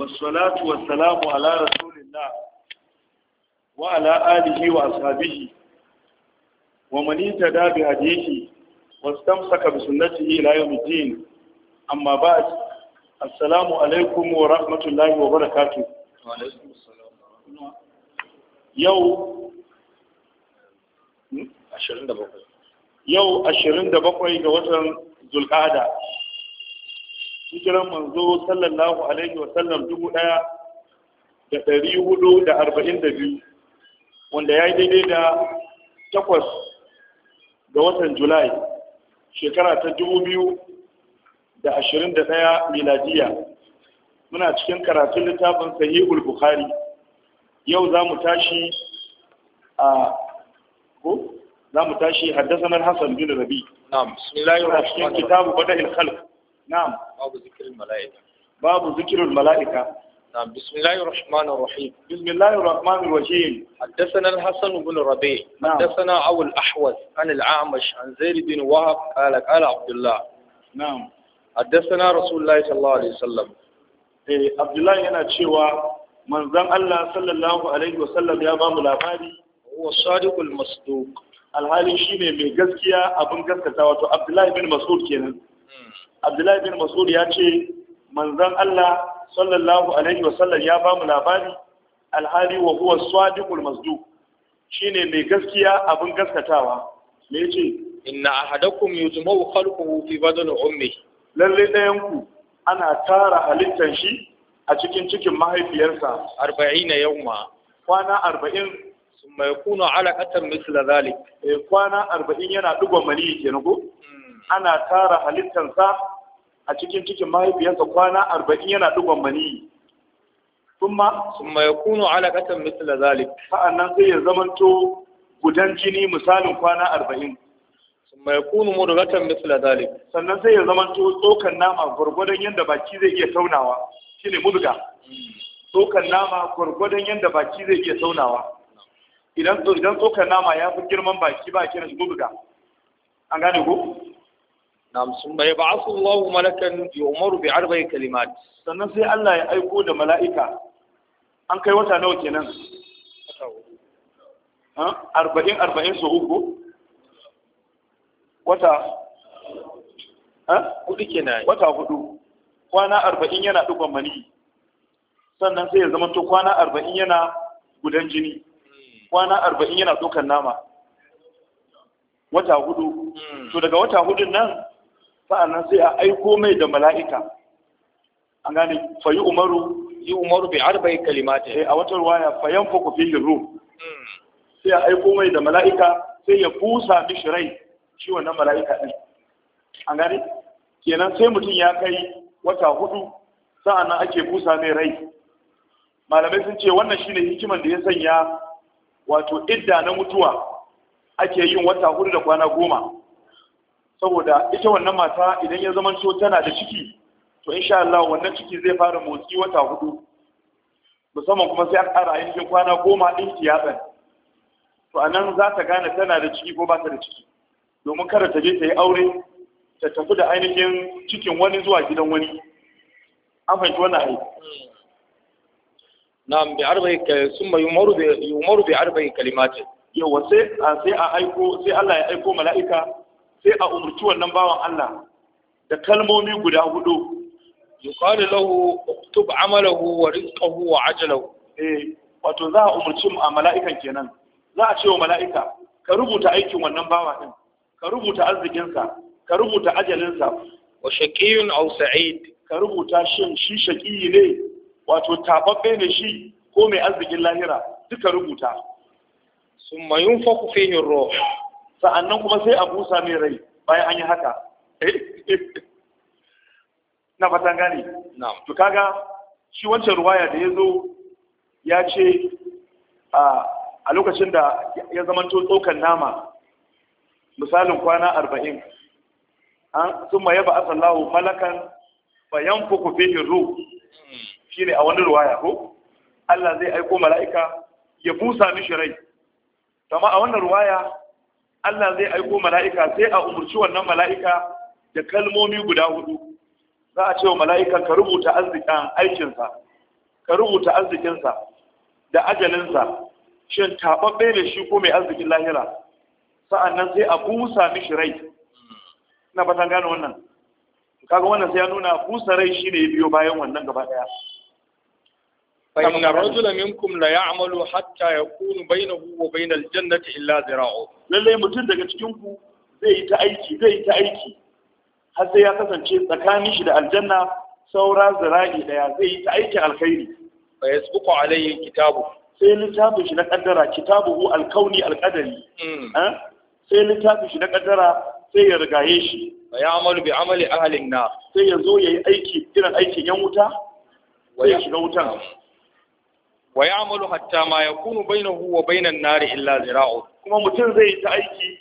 والصلاة والسلام على رسول الله وعلى آله وأصحابه ومن اهتدى بهديه واستمسك بسنته إلى يوم الدين أما بعد السلام عليكم ورحمة الله وبركاته وعليكم السلام يو أشرين دبقى يو أشرين دبقى ga watan zulkada hijiran manzo sallallahu alaihi wa sallam dubu ɗaya da ɗari hudu da arba'in da biyu wanda ya yi daidai da takwas ga watan julai shekara ta dubu biyu da ashirin da ɗaya miladiya muna cikin karatun littafin sahihul bukhari yau za mu tashi a ko za mu tashi haddasa hassan bin rabi na bismillahir kitabu bada khalq na'am babu zikirin mala'ika babu zikirin mala'ika نعم بسم الله الرحمن الرحيم بسم الله الرحمن الرحيم حدثنا الحسن بن ربيع نعم. حدثنا أبو الأحوث عن الأعمش عن زيد بن وهب قال قال عبد الله نعم حدثنا رسول الله صلى الله عليه وسلم إيه عبد الله هنا تشيوا من ذن الله صلى الله عليه وسلم يا بام الأبادي هو الصادق المصدوق الحالي شيء من جزكيا أبن جزكتا وعبد الله بن مسعود كنا abdullahi bin masud ya ce manzon Allah sallallahu alaihi wasallam ya ba mu labari alhali wa huwa sadiqul masduq shine mai gaskiya abin gaskatawa me yace inna ahadakum yujma'u khalquhu fi badani ummi lalle dayan ku ana tara halittan shi a cikin cikin mahaifiyarsa 40 yawma kwana 40 summa yakunu alaqatan mithla dhalik eh, kwana 40 yana dugo mani kenan ko mm. ana tara halittansa a cikin cikin mahaifiyarsa kwana arba'in yana digon maniyi thumma ya kuno alaƙatan mithla zalik sa'annan sai ya zamanto gudan jini misalin kwana arba'in thumma yakunu mudghatan mithla zalik sannan sai ya zamanto tsokan nama gwargwadon yadda baki zai iya taunawa shi ne mudga tsokan nama gwargwadon yadda baki zai iya taunawa idan tsokan nama ya fi girman baki ba kiran mudga an gane ko نعم ثم يبعث الله ملكا يؤمر yu'maru bi arba'i kalimat sannan sai Allah ya aiko da mala'ika an kai wata nawa kenan arba'in arba'in wata wata kwana arba'in yana dubban mani sannan sai ya zama to kwana arba'in yana gudan jini hmm. kwana arba'in yana dukan nama wata hudu hmm. to daga wata hudun nan sa'annan sai a aiko mai da mala'ika an gane fa yi umaru yi umaru bi arba'i kalimata eh, a wata ruwaya fa yanfuku fihi ruwa. Hmm. sai a aiko mai da mala'ika sai ya busa mishi rai shi wannan mala'ika din an gane kenan sai mutum ya kai wata hudu sa'annan ake busa mai rai malamai sun ce wannan shine hikiman da ya sanya wato idda na mutuwa ake yin wata hudu da kwana goma saboda ita wannan mata idan ya zama so tana da ciki to insha Allah wannan ciki zai fara motsi wata hudu musamman kuma sai a ƙara ainihin kwana goma ɗin tiyatsan to a nan za ta gane tana da ciki ko ba ta da ciki domin kada ta je ta yi aure ta tafi da ainihin cikin wani zuwa gidan wani an fahimci wannan aiki na'am bi arba'i summa yumaru bi yumaru bi arba'i kalimatin yawa sai sai a aiko sai Allah ya aiko mala'ika sai a umarci wannan bawan Allah da kalmomi guda hudu yuqalu lahu uktub amalahu wa rizqahu wa ajalahu eh wato za a umarci mala'ikan kenan za a ce wa mala'ika ka rubuta aikin wannan bawa din ka rubuta arzikinsa ka rubuta sa wa shaqiyun aw sa'id ka rubuta shin shi shaqiyi ne wato tababbe ne shi ko mai arzikin lahira duka rubuta summa ku fihi ruh sa'annan kuma sai a busa mai rai bayan an yi haka na fatan gane to kaga shi wancan ruwaya da ya zo ya ce a lokacin da ya zamanto tsokan nama misalin kwana arba'in an sun ma yaba asallahu malakan bayan fuku fihin hmm. shi ne a wani ruwaya ko Allah zai aiko mala'ika ya busa mishi rai amma a wannan ruwaya Allah zai aiko mala'ika sai a umarci wannan mala'ika da kalmomi guda hudu za a ce wa mala'ikan ka rubuta arzikin aikinsa ka rubuta arzikinsa da ajalinsa shin taɓaɓɓe ne shi ko mai arzikin lahira Sa'an nan sai a busa mishi rai ina batan gane wannan kaga wannan sai ya nuna busa rai shine ya biyo bayan wannan gaba ɗaya فإن الرجل منكم لا يعمل حتى يكون بينه وبين الجنة إلا ذراعه لله متين daga cikin ku zai yi ta aiki zai yi aiki har sai ya kasance tsakanin shi da aljanna saura zira'i daya zai yi ta aiki alkhairi fa yasbiqu alayhi kitabu sai littafin shi na kaddara kitabuhu alkauni alqadari sai littafin shi na kaddara sai ya rigaye shi bi ya yayi irin aikin yan wuta wa ya wutan wa ya'malu hatta ma yakunu bainahu wa bainan nari illa zira'u kuma mutum zai yi ta aiki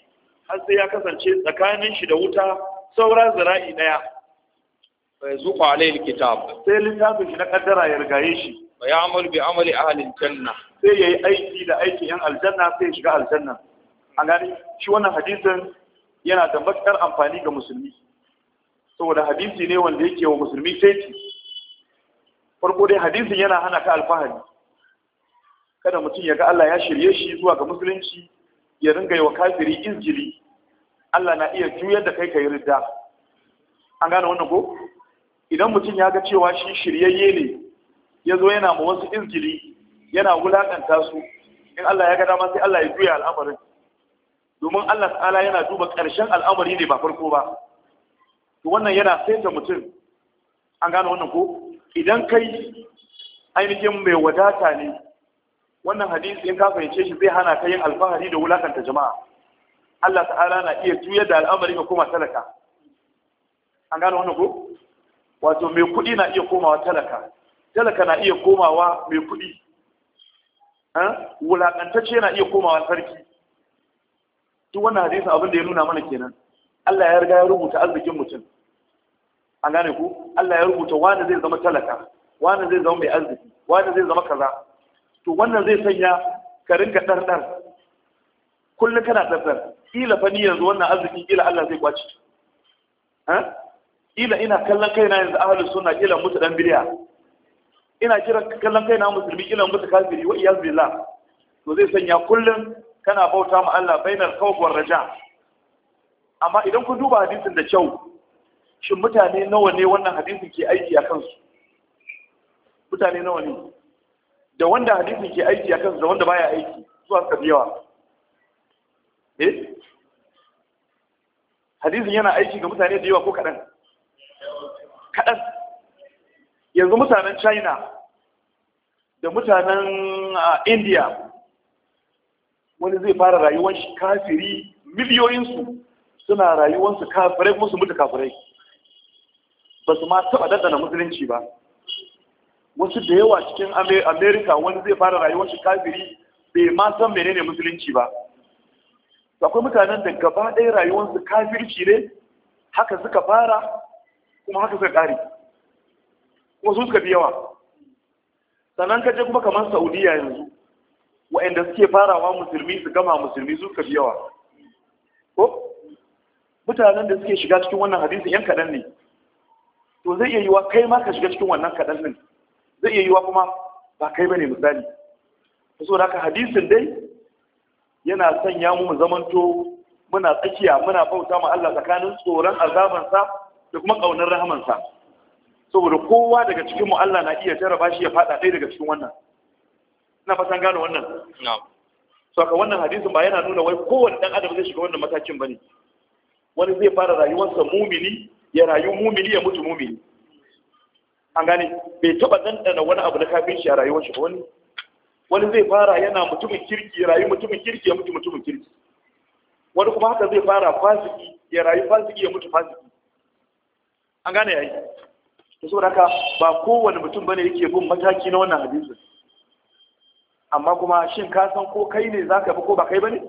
har sai ya kasance tsakanin shi da wuta saura zira'i daya fa yazuqu alayhi alkitab sai littafin shi na kaddara ya rigaye shi wa ya'malu bi amali ahli aljanna sai yayi aiki da aikin yan aljanna sai ya shiga aljanna an gani shi wannan hadisin yana da matukar amfani ga musulmi saboda hadisi ne wanda yake wa musulmi sai farko dai hadisin yana hana ka alfahari kada mutum ya ga Allah ya shirye shi zuwa ga musulunci ya ringa yi wa kafiri injili Allah na iya juyar da kai ka yi ridda an gane wannan ko idan mutum ya ga cewa shi shiryayye ne ya zo yana ma wasu injili yana wulakanta su in Allah ya ga dama sai Allah ya juya al'amarin domin Allah ta'ala yana duba ƙarshen al'amari ne ba farko ba to wannan yana saita mutum an gane wannan ko idan kai ainihin mai wadata ne wannan hadisi in ka fahimce shi zai hana ka yin alfahari da wulakanta jama'a Allah ta'ala na iya juyar da al'amari ka koma talaka an gane wannan ko wato mai kuɗi na iya komawa talaka talaka na iya komawa mai kuɗi wulakantacce na iya komawa sarki duk wannan hadisin abin da ya nuna mana kenan Allah ya riga ya rubuta arzikin mutum an gane ku Allah ya rubuta wani zai zama talaka wani zai zama mai arziki wani zai zama kaza to wannan zai sanya ka rinka ɗarɗar kullum kana ɗarɗar ƙila fa ni yanzu wannan arziki ƙila Allah zai kwaci ƙila ina kallon kaina yanzu ahalin suna ƙila mutu ɗan biliya ina kira kallon kaina musulmi ƙila mutu kafiri wa iyaz billah to zai sanya kullum kana bauta ma Allah bainar khawf raja amma idan ku duba hadisin da kyau shin mutane nawa ne wannan hadisin ke aiki a kansu mutane nawa ne da wanda hadisi ke aiki a da wanda baya aiki zuwa suka yawa eh hadisin yana aiki ga mutane da yawa ko kaɗan kaɗan yanzu mutanen china da mutanen india wani zai fara rayuwar shi kafiri miliyoyinsu suna rayuwarsu kafirai kuma su mutu kafirai ba su ma taɓa daddana musulunci ba wasu da yawa cikin amerika wani zai fara rayuwar shi kafiri bai ma san menene musulunci ba akwai mutanen da gaba ɗaya rayuwarsu kafirci ne haka suka fara kuma haka suka ƙare kuma su suka fi yawa sannan ka je kuma kamar saudiya yanzu wa'anda suke farawa musulmi su gama musulmi su suka fi yawa ko mutanen da suke shiga cikin wannan hadisin yan kaɗan ne to zai iya yiwa kai ma ka shiga cikin wannan kaɗan ne zai iya yiwa kuma ba kai bane misali So da haka hadisin dai yana sanya mu zamanto muna tsakiya muna bauta ma Allah tsakanin tsoron azabansa da kuma ƙaunar rahamansa saboda kowa daga cikin mu Allah na iya jarraba shi ya fada ɗaya daga cikin wannan ina fatan gano wannan ka wannan hadisin ba yana nuna wai kowanne dan adam zai shiga wannan matakin bane wani zai fara rayuwarsa mumini ya rayu mumini ya mutu mumini an gane bai taba dandana wani abu na kafin shi a rayuwar shi wani wani zai fara yana mutumin kirki ya rayu mutumin kirki ya mutu mutumin kirki wani kuma haka zai fara fasiki ya rayu fasiki ya mutu fasiki an gane yayi to saboda haka ba kowane mutum bane yake bin mataki na wannan hadisi amma kuma shin ka san ko kai ne zaka bi ko ba kai bane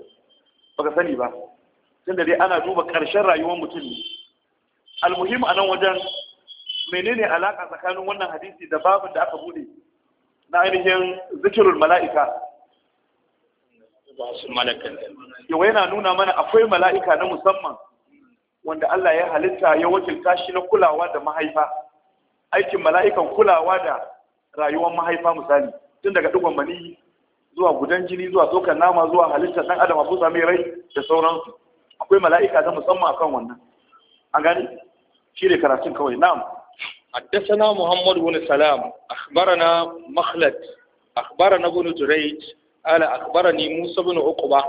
baka sani ba tunda dai ana duba karshen rayuwar mutum ne almuhim a nan wajen menene alaka tsakanin wannan hadisi da babin da aka bude na ainihin zikirul mala'ika yawa yana nuna mana akwai mala'ika na musamman wanda Allah ya halitta ya wakilta shi na kulawa da mahaifa aikin mala'ikan kulawa da rayuwar mahaifa misali tun daga dugon mani zuwa gudan jini zuwa tsokan nama zuwa halittar ɗan adam abu sami rai da sauransu akwai mala'ika ta musamman akan wannan an gani shi ne karatun kawai na'am حدثنا محمد بن سلام أخبرنا مخلد أخبرنا بن جريج قال أخبرني موسى بن عقبة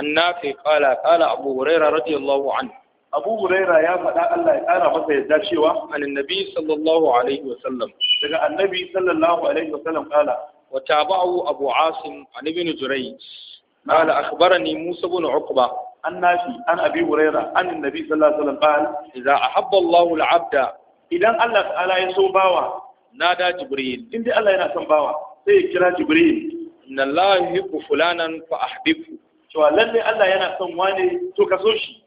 النافع قال قال أبو هريرة رضي الله عنه أبو هريرة يا فدا الله يقرأ مسا يدشوا عن النبي صلى الله عليه وسلم daga annabi sallallahu alaihi wasallam قال وتابعه أبو عاصم عن ابن جريج قال أخبرني موسى بن عقبة النافي عن أبي هريرة عن النبي صلى الله عليه وسلم قال إذا أحب الله العبد idan Allah ta'ala ya so bawa na da jibril inda Allah yana son bawa sai ya kira jibril inna Allah yuhibbu fulanan fa ahbibu cewa lalle Allah yana son wani to ka so shi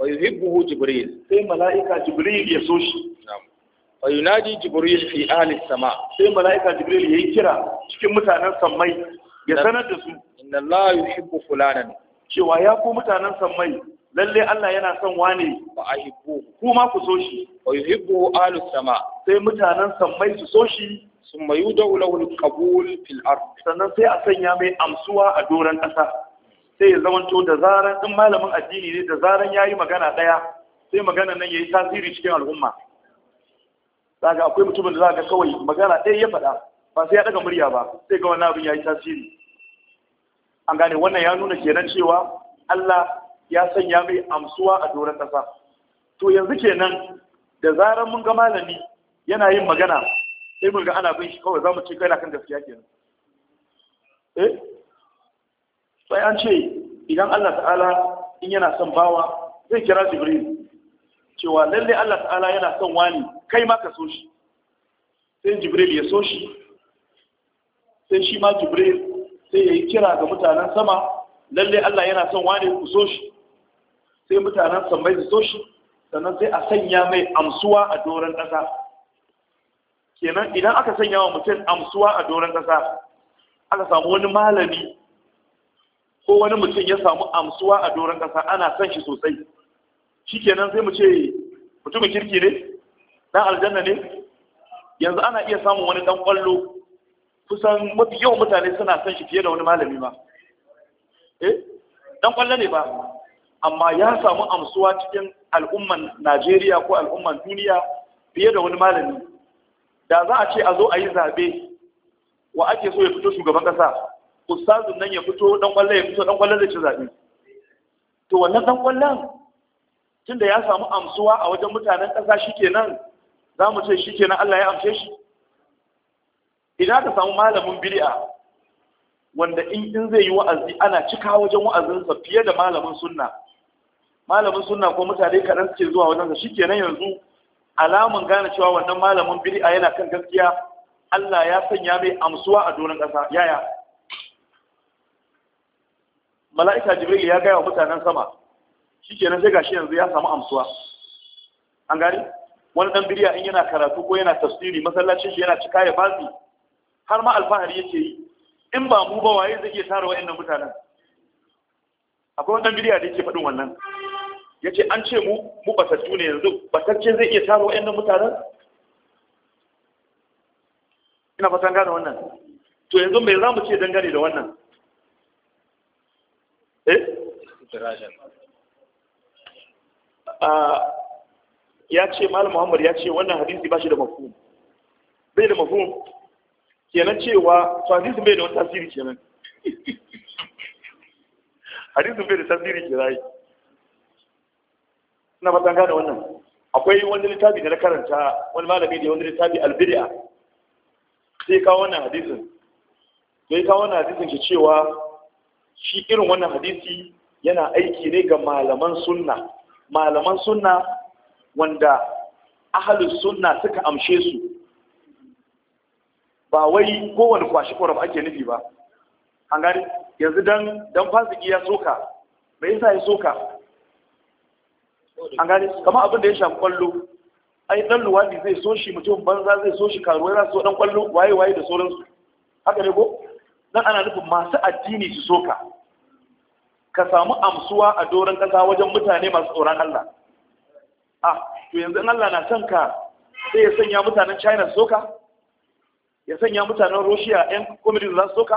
wa yuhibbu jibril sai mala'ika jibril ya so shi wa yunadi jibril fi ahli sama sai mala'ika jibril yayi kira cikin mutanen samai. ya sanar da su inna Allah yuhibbu fulanan cewa ya ku mutanen samai. lalle Allah yana son wani wa ahibbu kuma ku so shi wa yuhibbu ahli sama sai mutanen sammai su so shi summa mayu lahu al-qabul fil ard sannan sai a sanya mai amsuwa a doran ƙasa sai ya zamanto da zaran din malamin addini ne da zaran yayi magana daya sai magana nan yayi tasiri cikin al'umma daga akwai mutumin da zaka kawai magana ɗaya ya faɗa ba sai ya daga murya ba sai ga wannan abin yayi tasiri an gane wannan ya nuna kenan cewa Allah ya sanya mai amsuwa a doron ƙasa to yanzu kenan da zarar mun ga malami yana yin magana sai mun ga ana bin shi kawai za mu ce kai kan gaskiya kenan eh sai an ce idan Allah ta'ala in yana son bawa zai kira Jibril cewa lalle Allah ta'ala yana son wani kai ma ka so shi sai Jibril ya so shi sai shi ma Jibril sai ya yi kira ga mutanen sama lalle Allah yana son wani ku so shi sai mutanen sammai su toshi shi sannan sai a sanya mai amsuwa a doron ƙasa kenan idan aka sanya wa mutum amsuwa a doron ƙasa aka samu wani malami ko wani mutum ya samu amsuwa a doron ƙasa ana son shi sosai shi kenan sai mu ce mutumin kirki ne ɗan aljanna ne yanzu ana iya samun wani ɗan ƙwallo kusan mafi yawan mutane suna son shi fiye da wani malami ba eh ɗan ƙwallo ne ba amma ya samu amsuwa cikin al'umman Najeriya ko al'umman duniya fiye da wani malami da za a ce a zo a yi zabe wa ake so ya fito shugaban kasa ustazun nan ya fito dan kwallon ya fito dan kwallon da ci zabe to wannan dan kwallon tunda ya samu amsuwa a wajen mutanen kasa shikenan za mu ce shikenan Allah ya amshe shi idan ka samu malamin bid'a wanda in in zai yi wa'azi ana cika wajen wa'azinsa fiye da malamin sunna malamin sunna ko mutane kaɗan suke zuwa wannan shi kenan yanzu alamun gane cewa wannan malamin bid'a yana kan gaskiya Allah ya sanya mai amsuwa a doron ƙasa yaya mala'ika jibril ya gaya wa mutanen sama shi kenan sai gashi yanzu ya samu amsuwa an gari, wani dan biriya in yana karatu ko yana tafsiri masallacin shi yana cika ya bazi har ma alfahari yake yi in ba mu ba waye zai iya tara wa'annan mutanen akwai wani dan biriya da yake faɗin wannan ya ce an ce mu mu batattu ne yanzu batacce zai iya taro 'yan mutanen ina fatan gane wannan to yanzu mai za mu ce dangane da wannan eh ya ce malam muhammad ya ce wannan hadisi ba shi da mafhum bai da mafhum kenan cewa to bai da wani tasiri kenan hadisi bai da tasiri kenan ina ba gane wannan akwai wani littafi da na karanta wani malami da wani littafi albidiya sai kawo wannan hadisin sai kawo wannan hadisin ke cewa shi irin wannan hadisi yana aiki ne ga malaman sunna malaman sunna wanda ahalus sunna suka amshe su ba wai kowane kwashi kwaraf ake nufi ba an gani yanzu dan fasiki ya soka me yasa ya soka an gane kamar abin da ya shafi kwallo ai dan luwadi zai so shi mutum banza zai so shi karuwa za so dan kwallo waye waye da sauransu haka ne ko dan ana nufin masu addini su soka ka samu amsuwa a doron kasa wajen mutane masu tsoron Allah a to yanzu in Allah na son ka sai ya sanya mutanen China su soka ya sanya mutanen Russia yan communism za su soka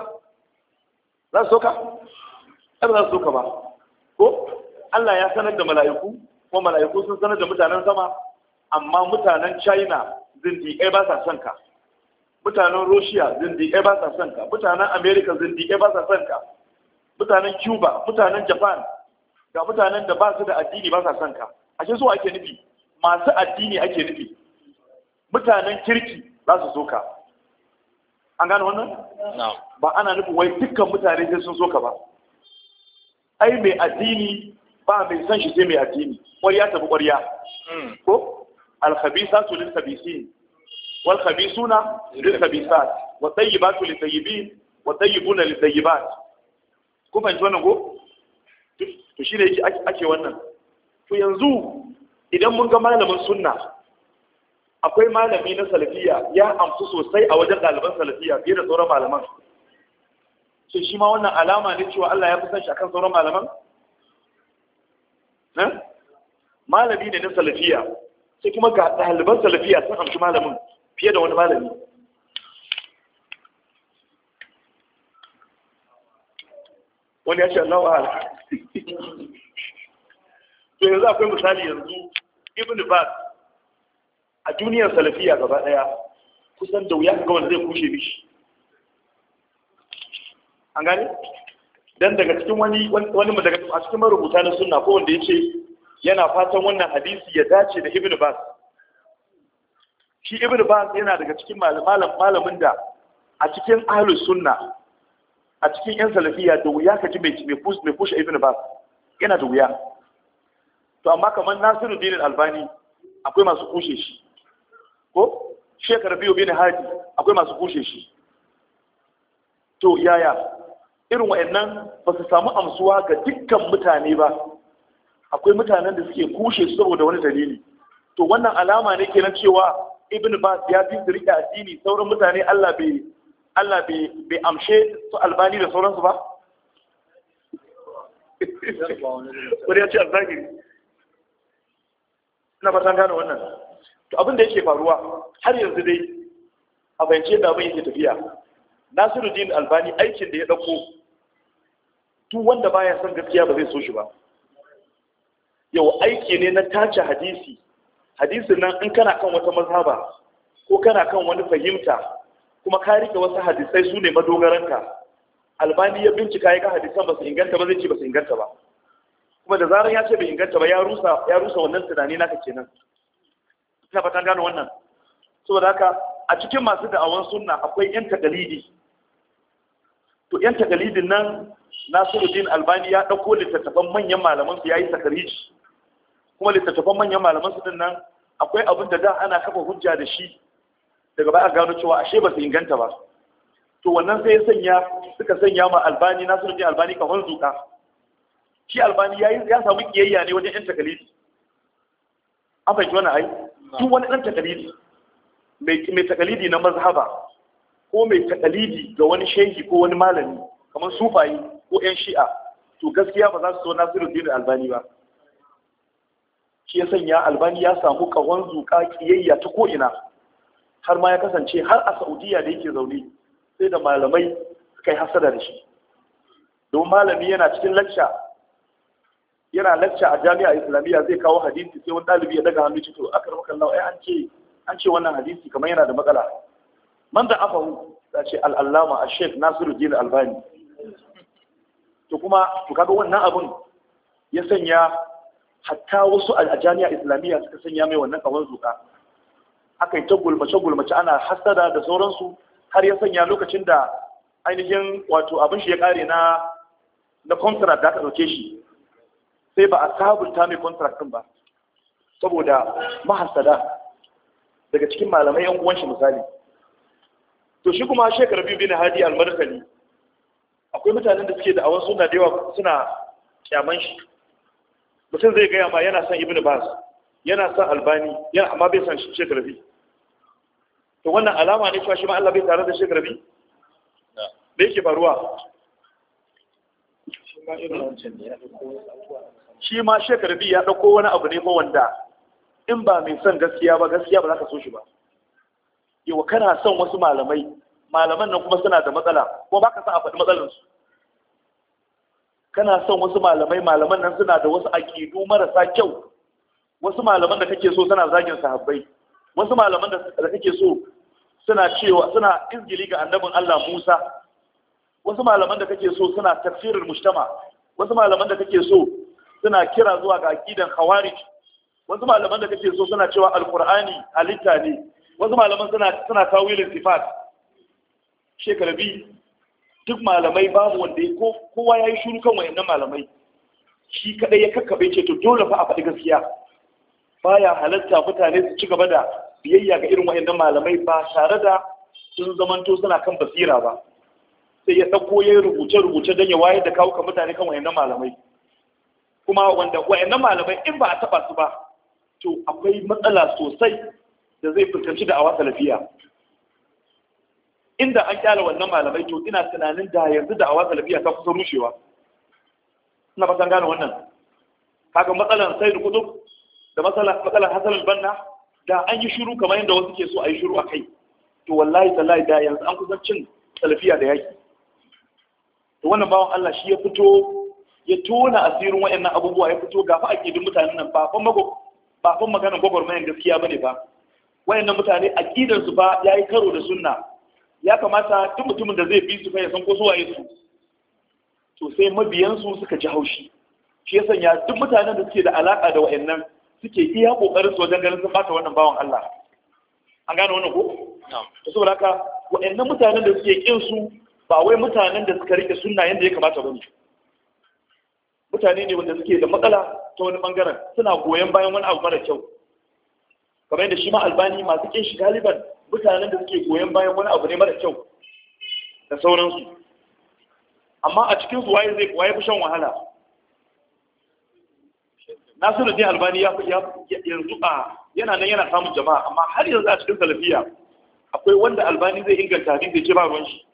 za su soka ba za su soka ba ko Allah ya sanar da mala'iku kuma mala'iku sun sanar da mutanen sama amma mutanen china zindiƙai ba sa son ka mutanen russia zindiƙai ba sa son ka mutanen america zindiƙai ba sa son ka mutanen cuba mutanen japan ga mutanen da ba su da addini ba sa son ka ashe so ake nufi masu addini ake nufi mutanen kirki za su so ka an gane wannan ba ana nufin wai dukkan mutane sai sun so ka ba ai mai addini ba mai san shi sai mai addini ƙwarya bi ƙwarya hmm. ko alkhabisatu lil khabisin wal khabisuna lil khabisat wa tayyibatu lil tayyibin wa tayyibuna lil tayyibat ku fahimci wannan ko to shine yake ake wannan to yanzu idan mun ga malamin sunna akwai malami na salafiya ya amsu sosai a wajen ɗaliban salafiya fiye da sauran malaman shin shi ma wannan alama ne cewa Allah ya fi san shi akan sauran malaman malami ne na salafiya sai kuma ga ɗaliban salafiya sun amshi malamin fiye da wani malami wani ya ce Allah ala to yanzu akwai misali yanzu ibn bas a duniyar salafiya gaba ɗaya kusan da wuya ga wanda zai kushe mishi an gane dan daga cikin wani wani daga a cikin marubuta na sunna ko wanda yace yana fatan wannan hadisi ya dace da Ibn Bas shi Ibn Bas yana daga cikin malam malamin da a cikin ahlus sunna a cikin yan salafiya da wuya ka ji mai push mai push Ibn Bas yana da wuya to amma kamar Nasiruddin Al-Albani akwai masu kushe shi ko Sheikh Rabi'u bin Hadi akwai masu kushe shi to yaya irin wa'annan ba su samu amsuwa ga dukkan mutane ba akwai mutanen da suke kushe su saboda wani dalili to wannan alama ne kenan cewa ibn bas ya fi su rike addini sauran mutane Allah bai Allah bai amshe su albani da sauransu ba wani ya ce azzagiri ina fatan gane wannan to abin da yake faruwa har yanzu dai a fahimci yadda abin yake tafiya Nasiru din albani aikin da ya ɗauko tu wanda baya son gaskiya ba zai so shi ba yau aiki ne na tace hadisi hadisin nan in kana kan wata mazhaba ko kana kan wani fahimta kuma ka rike wasu hadisai su ne madogaranka albani ya bincika ya ga hadisan ba su inganta ba zai ce ba su inganta ba kuma da zarar ya ce bai inganta ba ya rusa ya rusa wannan tunani naka kenan ina ta gano wannan saboda haka a cikin masu da'awan sunna akwai yan takalidi to yan takalidin nan nasiruddin albani ya ɗauko littattafan manyan malaman su yi sakariji kuma littattafan manyan malaman su nan akwai abin da da ana kafa hujja da shi daga baya gano cewa ashe ba su inganta ba to wannan sai ya sanya suka sanya ma albani nasiruddin albani ka zuka shi albani yi ya samu kiyayya ne wajen yan takalidi an fahimci wannan ai tun wani dan takalidi mai takalidi na mazhaba ko mai takalidi ga wani shehi ko wani malami kamar sufayi ko 'yan shi'a to gaskiya ba za su so nasiruddin albani ba shi ya sanya albani ya samu kawon zuka kiyayya ta ko'ina har ma ya kasance har a Saudiyya da yake zaune sai da malamai suka yi hasada da shi don malami yana cikin lacca yana lacca a jami'a islamiyya zai kawo hadisi sai wani ɗalibi ya daga hannu cikin akar makallawa ai an ce an ce wannan hadisi kamar yana da matsala man da afahu ta ce al'allama a shek nasiru jini albani to kuma to kaga wannan abun ya sanya hatta wasu jami'a islamiyya suka sanya mai wannan kawan zuka aka yi ta gulmace gulmace ana hasada da sauransu har ya sanya lokacin da ainihin wato abin shi ya kare na na contract da aka dauke shi sai ba a sabunta mai contract din ba saboda mahasada daga cikin malamai yan uwan shi misali to shi kuma shekara biyu na hadi al akwai mutanen da suke da awon suna da yawa suna kyaman shi mutum zai gaya ma yana son Ibn bas yana son albani yana amma bai san shek rabi to wannan alama ne cewa shi ma Allah bai tare da shek rabi da yake faruwa shi ma shek rabi ya dauko wani abu ne ko wanda in ba mai son gaskiya ba gaskiya ba za ka so shi ba Yawa kana son wasu malamai malaman nan kuma suna da matsala ko baka sa a faɗi matsalar su kana son wasu malamai malaman nan suna da wasu aƙidu marasa kyau wasu malaman da kake so suna zagin sahabbai wasu malaman da kake so suna cewa suna izgili ga annabin Allah Musa wasu malaman da kake so suna tafsirin mujtama wasu malaman da kake so suna kira zuwa ga aqidan khawarij wasu malaman da kake so suna cewa alqur'ani halitta ne wasu malaman suna suna tawilin sifat shekara biyu, duk malamai babu wanda ya kowa ya yi shuru kan wayannan malamai shi kaɗai ya kakkabe ce to dole fa a faɗi gaskiya Ba ya halatta mutane su ci gaba da biyayya ga irin wayannan malamai ba tare da sun zamanto suna kan basira ba sai ya ɗauko ya yi rubuce-rubuce don ya wayar da kawo ka mutane kan wayannan malamai kuma wanda wayannan malamai in ba a taɓa su ba to akwai matsala sosai da zai fuskanci da awa salafiya inda an kyale wannan malamai to ina tunanin da yanzu da awa salafiya ta kusa rushewa ina fatan gane wannan kaga matsalan sai da kudu da matsalan hasan banna da an yi shiru kamar yadda wasu ke so a yi shiru a kai to wallahi tallahi da yanzu an kusan cin salafiya da yaki to wannan bawan Allah shi ya fito ya tona asirin waɗannan abubuwa ya fito gafa aƙidin mutanen nan ba fa ba fa maganar gwagwarmayar gaskiya bane ba wayannan mutane aƙidarsu ba ya yi karo da sunna ya kamata duk mutumin da zai bi su kai san ko su waye su to sai mabiyansu suka ji haushi shi ya sanya duk mutanen da suke da alaka da wa'annan suke iya kokarin su wajen ganin sun bata wannan bawan Allah an gane wannan ko to saboda haka wa'annan mutanen da suke kin su ba wai mutanen da suka rike sunna yanda ya kamata ba ne. mutane ne wanda suke da matsala ta wani bangaren suna goyon bayan wani abu mara kyau kamar yadda shi ma albani masu kin shi galiban mutanen da suke goyon bayan wani abu ne mara kyau da sauransu amma a cikin su waye zai waye shan wahala nasiru din albani ya yanzu a yana nan yana samun jama'a amma har yanzu a cikin salafiya akwai wanda albani zai inganta hadisi da ke ba ruwan shi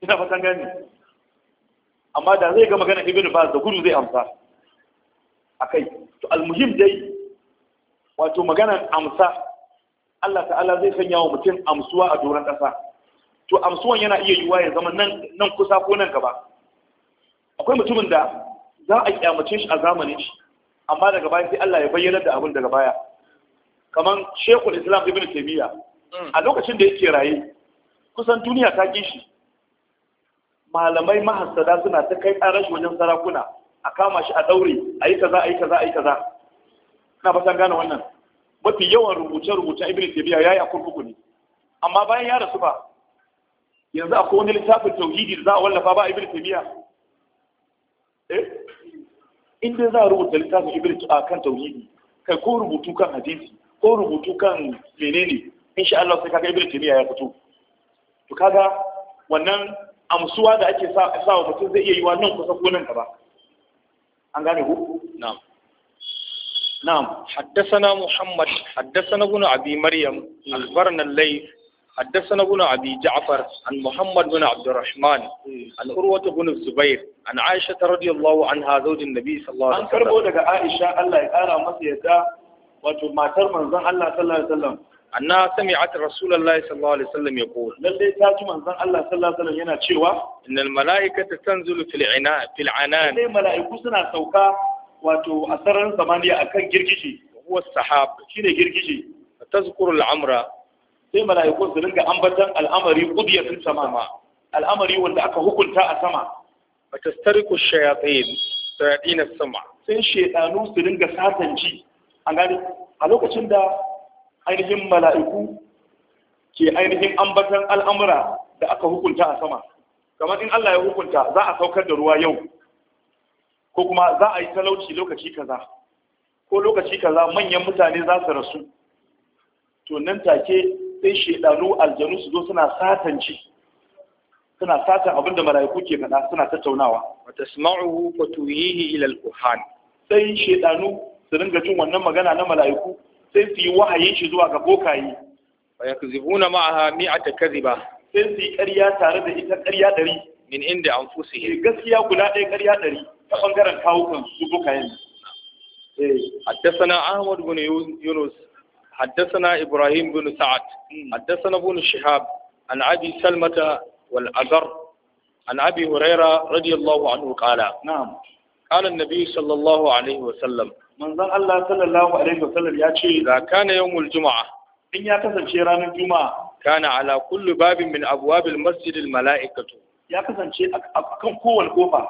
ina fatan gani amma da zai ga magana ibn baz da gudu zai amsa akai to almuhim dai wato magana amsa Allah ta'ala zai sanya wa mutum amsuwa a doron ƙasa to amsuwan yana iya yiwuwa ya zama nan kusa ko nan gaba akwai mutumin da za a kyamace shi a zamanin shi amma daga baya sai Allah ya bayyana da abin daga baya kamar shekul islam ibn taymiya mm. a lokacin da yake raye kusan duniya ta ki shi malamai mahassada suna ta kai tsara shi wajen sarakuna a kama shi a daure a yi kaza a yi kaza a yi kaza ina fatan gane wannan mafi yawan rubuce-rubuce ibn tabiya ya yi a kurkuku ne amma bayan ya rasu ba yanzu akwai wani littafin tauhidi da za a wallafa ba ibn tabiya eh inda za a rubuta littafin ibn a kan tauhidi kai ko rubutu kan hadisi ko rubutu kan menene insha Allah sai kaga ibn tabiya ya fito to kaga wannan amsuwa da ake sa sa mutum zai iya yi wa nan kusa ko nan gaba an gane ku na'am نعم حدثنا محمد حدثنا ابن أبي مريم أخبرنا الليل حدثنا ابن أبي جعفر عن محمد بن عبد الرحمن عن أروة بن الزبير عن عائشة رضي الله عنها زوج النبي صلى الله عليه وسلم أن كربو لك عائشة الله يقارى مسيحة وتماتر من ذن الله صلى الله عليه وسلم أنها سمعت رسول الله صلى الله عليه وسلم يقول للي تاجم من ذن الله صلى الله عليه وسلم ينا إن الملائكة تنزل في العنان في العنان للي ملائكة سنة سوكا wato a sararin samaniya kan girgije huwa sahab shine girgije tazkuru al'amura, sai mala'iku su ringa ambatan al'amari qudiyatin sama al'amari wanda aka hukunta a sama A ku shayatin shayatin na sama sai shaytanu su ringa satanci an gani a lokacin da ainihin mala'iku ke ainihin ambatan al'amura da aka hukunta a sama kamar in Allah ya hukunta za a saukar da ruwa yau ko kuma za a yi talauci lokaci kaza ko lokaci kaza manyan mutane za su rasu to nan take sai shedanu aljanu su zo suna satanci suna satan abin da mala'iku ke faɗa suna tattaunawa wa tasma'uhu wa tuyihi ila al-quhan sai shedanu su ringa jin wannan magana na mala'iku sai su yi wahayin shi zuwa ga bokaye wa yakzibuna ma'aha mi'ata kadhiba sai su yi ƙarya tare da ita ƙarya ɗari min inda anfusihim eh, gaskiya guda ɗaya ƙarya ɗari ta ɓangaren kawo kan su buka yin. Eh, haddasana Ahmad bin Yunus, haddasana Ibrahim bin Sa'ad, hmm. haddasana bin Shihab, an Abi Salmata wal an Abi Huraira radiyallahu anhu qala. Na'am. Qala sallallahu alaihi wa sallam. Manzon Allah sallallahu alaihi wa sallam ya ce, "Da kana yawmul Juma'a" In ya kasance ranar Juma'a, kana ala kullu babin min abwabil masjidil mala'ikatu. Ya kasance a kan kowane kofa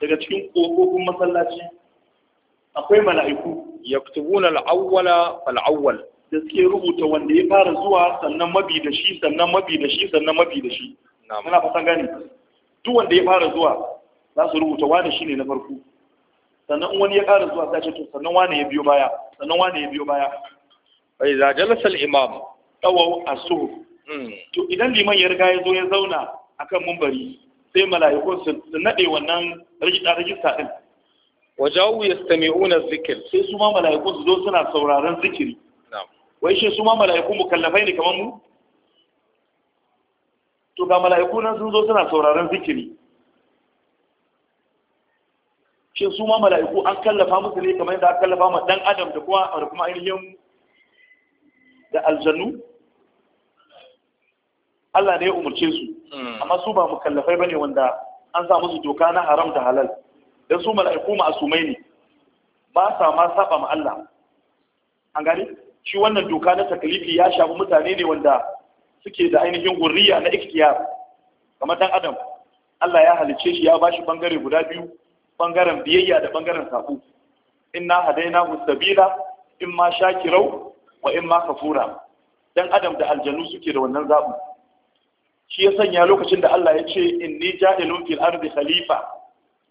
daga cikin ƙofofin masallaci akwai mala'iku Ya al-awwala fal-awwal da suke rubuta wanda ya fara zuwa sannan mabi da shi sannan mabi da shi sannan mabi da shi muna fatan gani duk wanda ya fara zuwa za su rubuta wani shi ne na farko sannan wani ya fara zuwa sai ce to sannan wani ya biyo baya sannan wani ya biyo baya fa za jalasa imam tawaw a suhuf hmm. to idan liman ya riga ya zo ya zauna akan mumbari sai mala'iku su nade wannan rajista rajista din wajawu yastami'una zikr sai su ma mala'iku su zo suna sauraron zikiri wai shi su ma mala'iku mukallafai ne kamar mu to ga mala'iku nan sun zo suna sauraron zikiri shi su ma mala'iku an kallafa musu ne kamar yadda aka kallafa ma dan adam da kuma da kuma ainihin da aljannu Allah ne ya umarce su hmm. amma su ba mukallafai bane wanda an sa musu doka na haram da halal dan su mala'iku asumai ne ba sa ma saba ma Allah an gani shi wannan doka na taklifi ya shafi mutane ne wanda suke da ainihin gurriya na ikhtiyar kamar dan adam Allah ya halice shi ya bashi bangare guda biyu bangaren biyayya da bangaren sabo inna hadaina mustabila imma shakirau wa imma kafura dan adam da aljanu suke da wannan zabu shi ya sanya lokacin da Allah ya ce inni ja'ilun fil ardi khalifa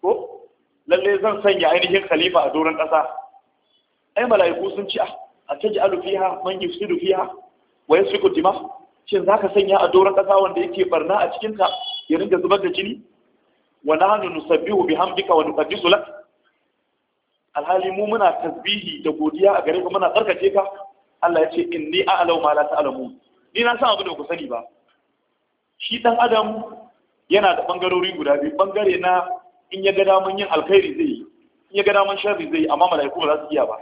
ko lalle zan sanya ainihin khalifa a doron ƙasa ai mala'iku sun ci a ah, alu fiha man yufsidu fiha wa yasfiku dima shin zaka sanya a doron ƙasa wanda yake barna a cikin ta ya ringa zubar da jini wa nahnu nusabbihu bihamdika wa nuqaddisu lak alhali mu muna tasbihi da godiya a gare ka muna tsarkake ka Allah ya ce inni a'lamu ma la ta'lamun ni na san abu da ku sani ba shi ɗan adam yana da ɓangarori guda biyu ɓangare na in ya ga daman yin alkhairi zai yi in ya ga daman sharri zai yi amma mala'iku ba za su iya ba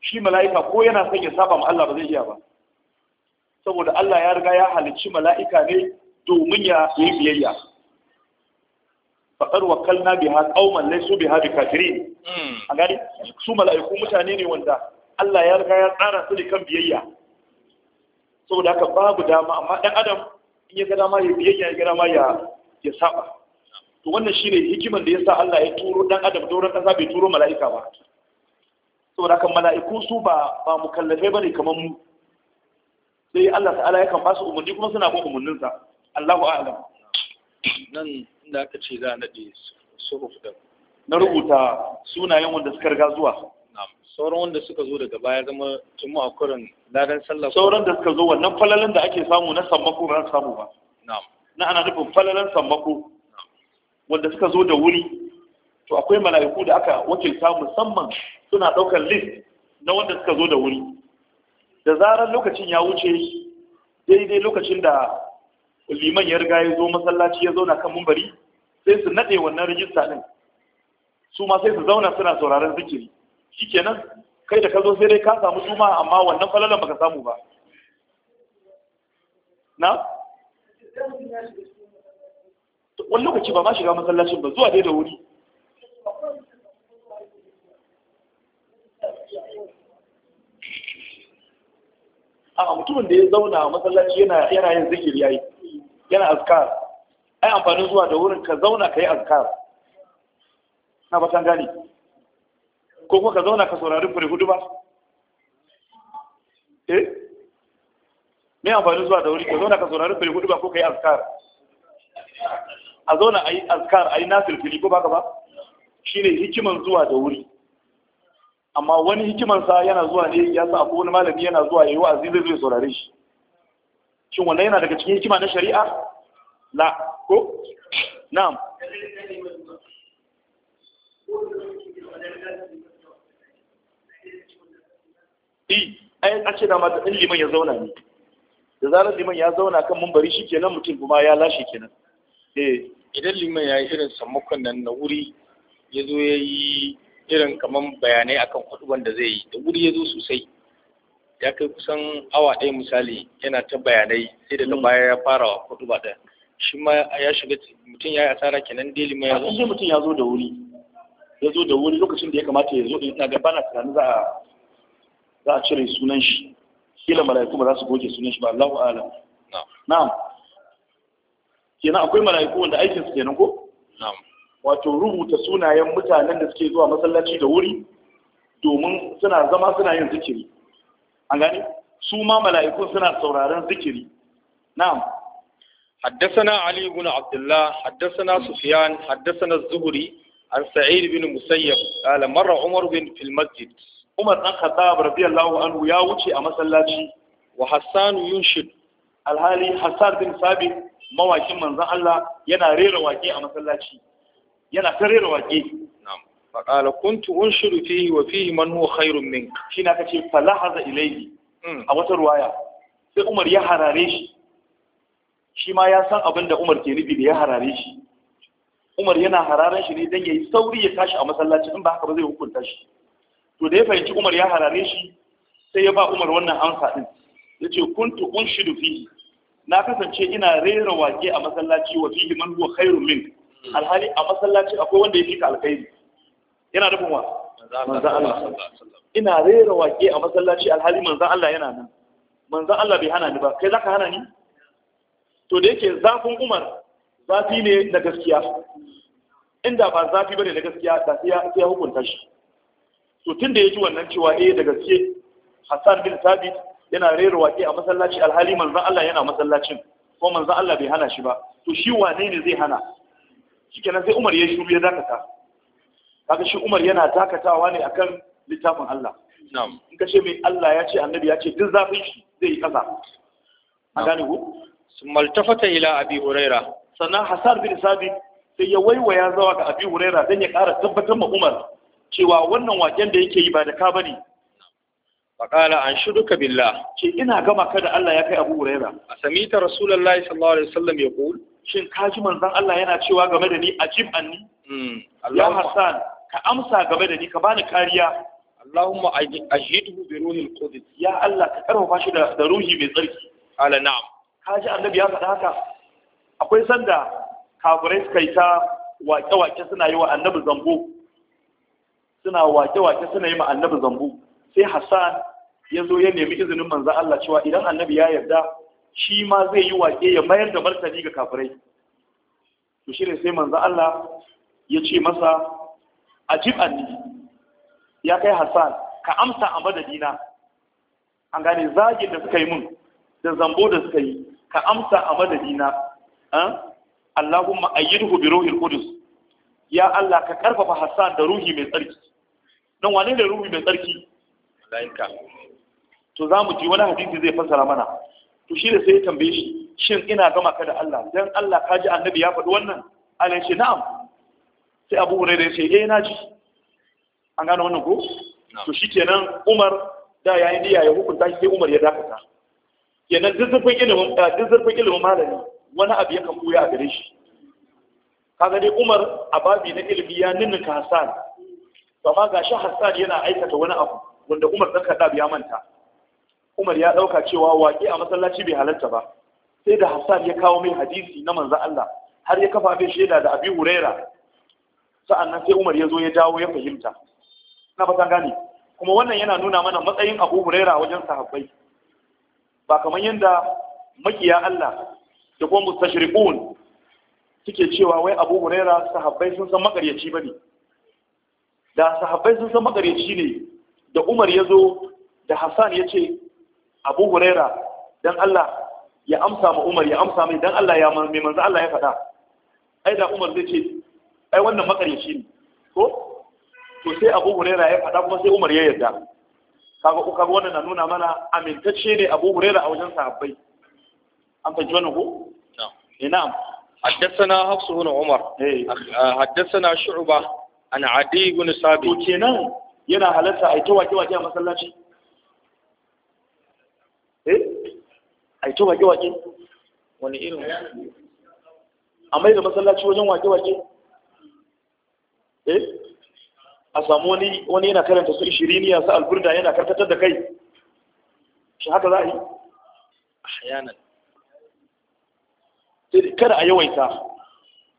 shi mala'ika ko yana son ya saba ma Allah ba zai iya ba saboda Allah ya riga ya halicci mala'ika ne domin ya yi biyayya faɗar wakalna biha qauman laysu biha bikafirin hmm. a gani su mala'iku mutane ne wanda Allah ya riga ya tsara su ne kan biyayya saboda haka babu dama amma ɗan adam in ya ga dama ya biyayya ya ga dama ya ya saba to wannan shine hikimar da yasa Allah ya turo dan adam doron kasa bai turo mala'ika ba saboda kan mala'iku su ba ba mukallafe bane kaman mu sai Allah ta'ala ya kan basu umarni kuma suna bin umurnin sa Allahu a'lam nan inda aka ce za a nade suhuf da na rubuta sunayen wanda suka riga zuwa sauran wanda suka zo daga baya zama juma'a kurin ladan sallah sauran da suka zo wannan falalan da ake samu na sammako ba samu ba na'am na ana nufin falalan sammako wanda suka zo da wuri to akwai mala'iku da aka wakilta musamman suna daukar list na wanda suka zo da wuri da zarar lokacin ya wuce daidai lokacin da liman ya riga ya zo masallaci ya zauna kan mumbari sai su nade wannan rijista din su ma sai su zauna suna sauraron zikiri kenan, kai da ka zo sai dai ka samu juma'a amma wannan falalan baka samu ba na wani lokaci ba ma shiga masallacin ba zuwa dai da wuri a mutumin da ya zauna a masallaci yana yin zikir yayi yana azkar ai amfanin zuwa da wurin ka zauna ka yi azkar na batan gane ko kuma ka zauna ka saurari kuri hudu ba eh me amfani zuwa da wuri ka zauna ka saurari kuri hudu ba ko kai azkar a zauna a yi azkar a yi nasir fili ko baka ba shine hikiman zuwa da wuri amma wani hikimansa yana zuwa ne ya sa ko wani malami yana zuwa ya yi wa'azi zai zai saurare shi shin wannan yana daga cikin hikima na shari'a la ko na'am E, ai an ce da ma in liman ya zauna ne da zarar liman ya zauna kan mumbari shi kenan mutum kuma ya lashe kenan eh idan liman ya yi irin sammakon nan na wuri ya zo ya yi irin kaman bayanai akan kuɗuban da zai yi da wuri ya zo sosai ya kai kusan awa ɗaya misali yana ta bayanai sai daga mm. baya ya fara kuɗuba ɗaya shi ma ya shiga mutum ya yi asara kenan dai liman ya zo mutum ya zo da wuri ya zo da wuri lokacin da ya kamata ya zo ina ga bana tunanin za a za a cire sunan shi kila mala'iku ba za su goge sunan shi ba Allahu a'lam na'am kenan akwai mala'iku wanda aikin su kenan ko na'am wato rubuta sunayen mutanen da suke zuwa masallaci da wuri domin suna zama suna yin zikiri an gane su ma mala'iku suna sauraron zikiri na'am حدثنا علي بن عبد الله حدثنا سفيان حدثنا الزهري عن سعيد بن مسيب قال مر عمر بن في المسجد Umar dan Khattab radiyallahu anhu ya wuce a masallaci wa Hassan yunshid alhali Hassan bin Sabit mawakin manzon Allah yana rera wake a masallaci yana ta rera wake na'am fa qala kuntu unshidu fihi wa fihi man huwa khairun mink shi na kace falahaza ilayhi hmm. a wata ruwaya sai Umar ya harare shi shi ma ya san abin da Umar ke nufi da ya harare shi Umar yana hararen shi ne don yayi sauri ya tashi a masallaci in ba haka ba zai hukunta shi to da ya fahimci Umar ya harare shi sai ya ba Umar wannan amsa din ya yace kuntu unshidu fihi na kasance ina rera wake a masallaci wa fihi man huwa khairun min alhali a masallaci akwai wanda ya fika alkhairi yana nufin wa manzan Allah ina rera wake a masallaci alhali manzan Allah yana nan manzan Allah bai hana ni ba kai zaka hana ni to da yake zafin Umar zafi ne na gaskiya inda ba zafi bane na gaskiya da sai ya hukunta shi so tun da ya ji wannan cewa eh da gaske hassan bin sabit yana rera waƙe a masallaci alhali manzan allah yana masallacin ko manzan allah bai hana shi ba to shi wane ne zai hana shi kenan sai umar ya shiru ya dakata kaga shi umar yana dakatawa ne akan littafin allah in ka ce mai allah ya ce annabi ya ce duk zafin shi zai yi kasa. a gane ku maltafata ila abi huraira sannan hassan bin sabit sai ya waiwaya zawa ga abi huraira don ya ƙara tabbatar ma umar cewa wannan waken da yake yi ba da ka bane faƙala an shudu ka billah ce ina gama ka da Allah ya kai abu huraira a samita rasulullahi sallallahu alaihi wasallam ya kul shin ka ji manzon Allah yana cewa game da ni ajib anni hmm. ya hasan ka amsa game da ni ka bani kariya Allahumma ajidhu bi ruhil qudus ya Allah ka karfafa shi da ruhi mai tsarki ala na'am ka ji annabi ya faɗa haka akwai sanda kafirai suka yi ta waƙe-waƙe suna yi wa annabi zambo suna wake-wake suna yi ma annabi zambu sai hassan ya zo ya nemi izinin manzan Allah cewa idan annabi ya yarda shi ma zai yi wake ya mayar da martani ga kafirai to shi ne sai manzan Allah ya ce masa a anni ya kai hassan ka amsa a madadina an gane zagin da suka yi mun da zambo da suka yi ka amsa a madadina ah? Allahumma ayyidhu bi ruhil qudus ya Allah ka karfafa Hassan da ruhi mai tsarki nan wane da ruhu mai tsarki laika to za mu ji wani hadisi zai fassara mana to shi da sai ya tambaye shi shin ina gama ka da Allah dan Allah ka ji annabi ya faɗi wannan alai shi na'am sai Abu Hurairah ya ce eh na ji an gano wannan ko to shikenan Umar da yayi niyya ya hukunta shi sai Umar ya dakata kenan duk zurfin ilimin eh, duk zurfin ilimin malami wani abu ya kan buya a gare shi kaga dai Umar a babi na ilimi ya ninninka Hassan amma ga shi Hassan yana aikata wani abu wanda Umar dan Khattab ya manta Umar ya dauka cewa waki a masallaci bai halarta ba sai da Hassan ya kawo mai hadisi na manzo Allah har ya kafa bai shaida da Abi Huraira sa'annan sai Umar ya zo ya dawo ya fahimta na fatan gane kuma wannan yana nuna mana matsayin Abu Huraira wajen sahabbai ba kamar yadda makiya Allah da kuma mustashriqun suke cewa wai Abu Huraira sahabbai sun san makaryaci bane da sahabbai sun san makareci ne da umar ya zo da hassan ya ce abu huraira don allah ya amsa ma umar ya amsa mai don allah ya mai manzo allah ya faɗa ai da umar zai ce ai wannan makareci ne ko to sai abu huraira ya faɗa kuma sai umar ya yarda kaga uka wannan na nuna mana amintacce ne abu huraira a wajen sahabbai an fahimci wannan ko na'am حدثنا حفص بن عمر حدثنا شعبه ana adi ibn sabi to kenan yana halatta a ta wake wake a masallaci eh a ta wake wake wani irin a mai da masallaci wajen wake wake eh a samu wani wani yana karanta su ishiriniya su alburda yana karkatar da kai shi haka za a yi ahyanan kada a yawaita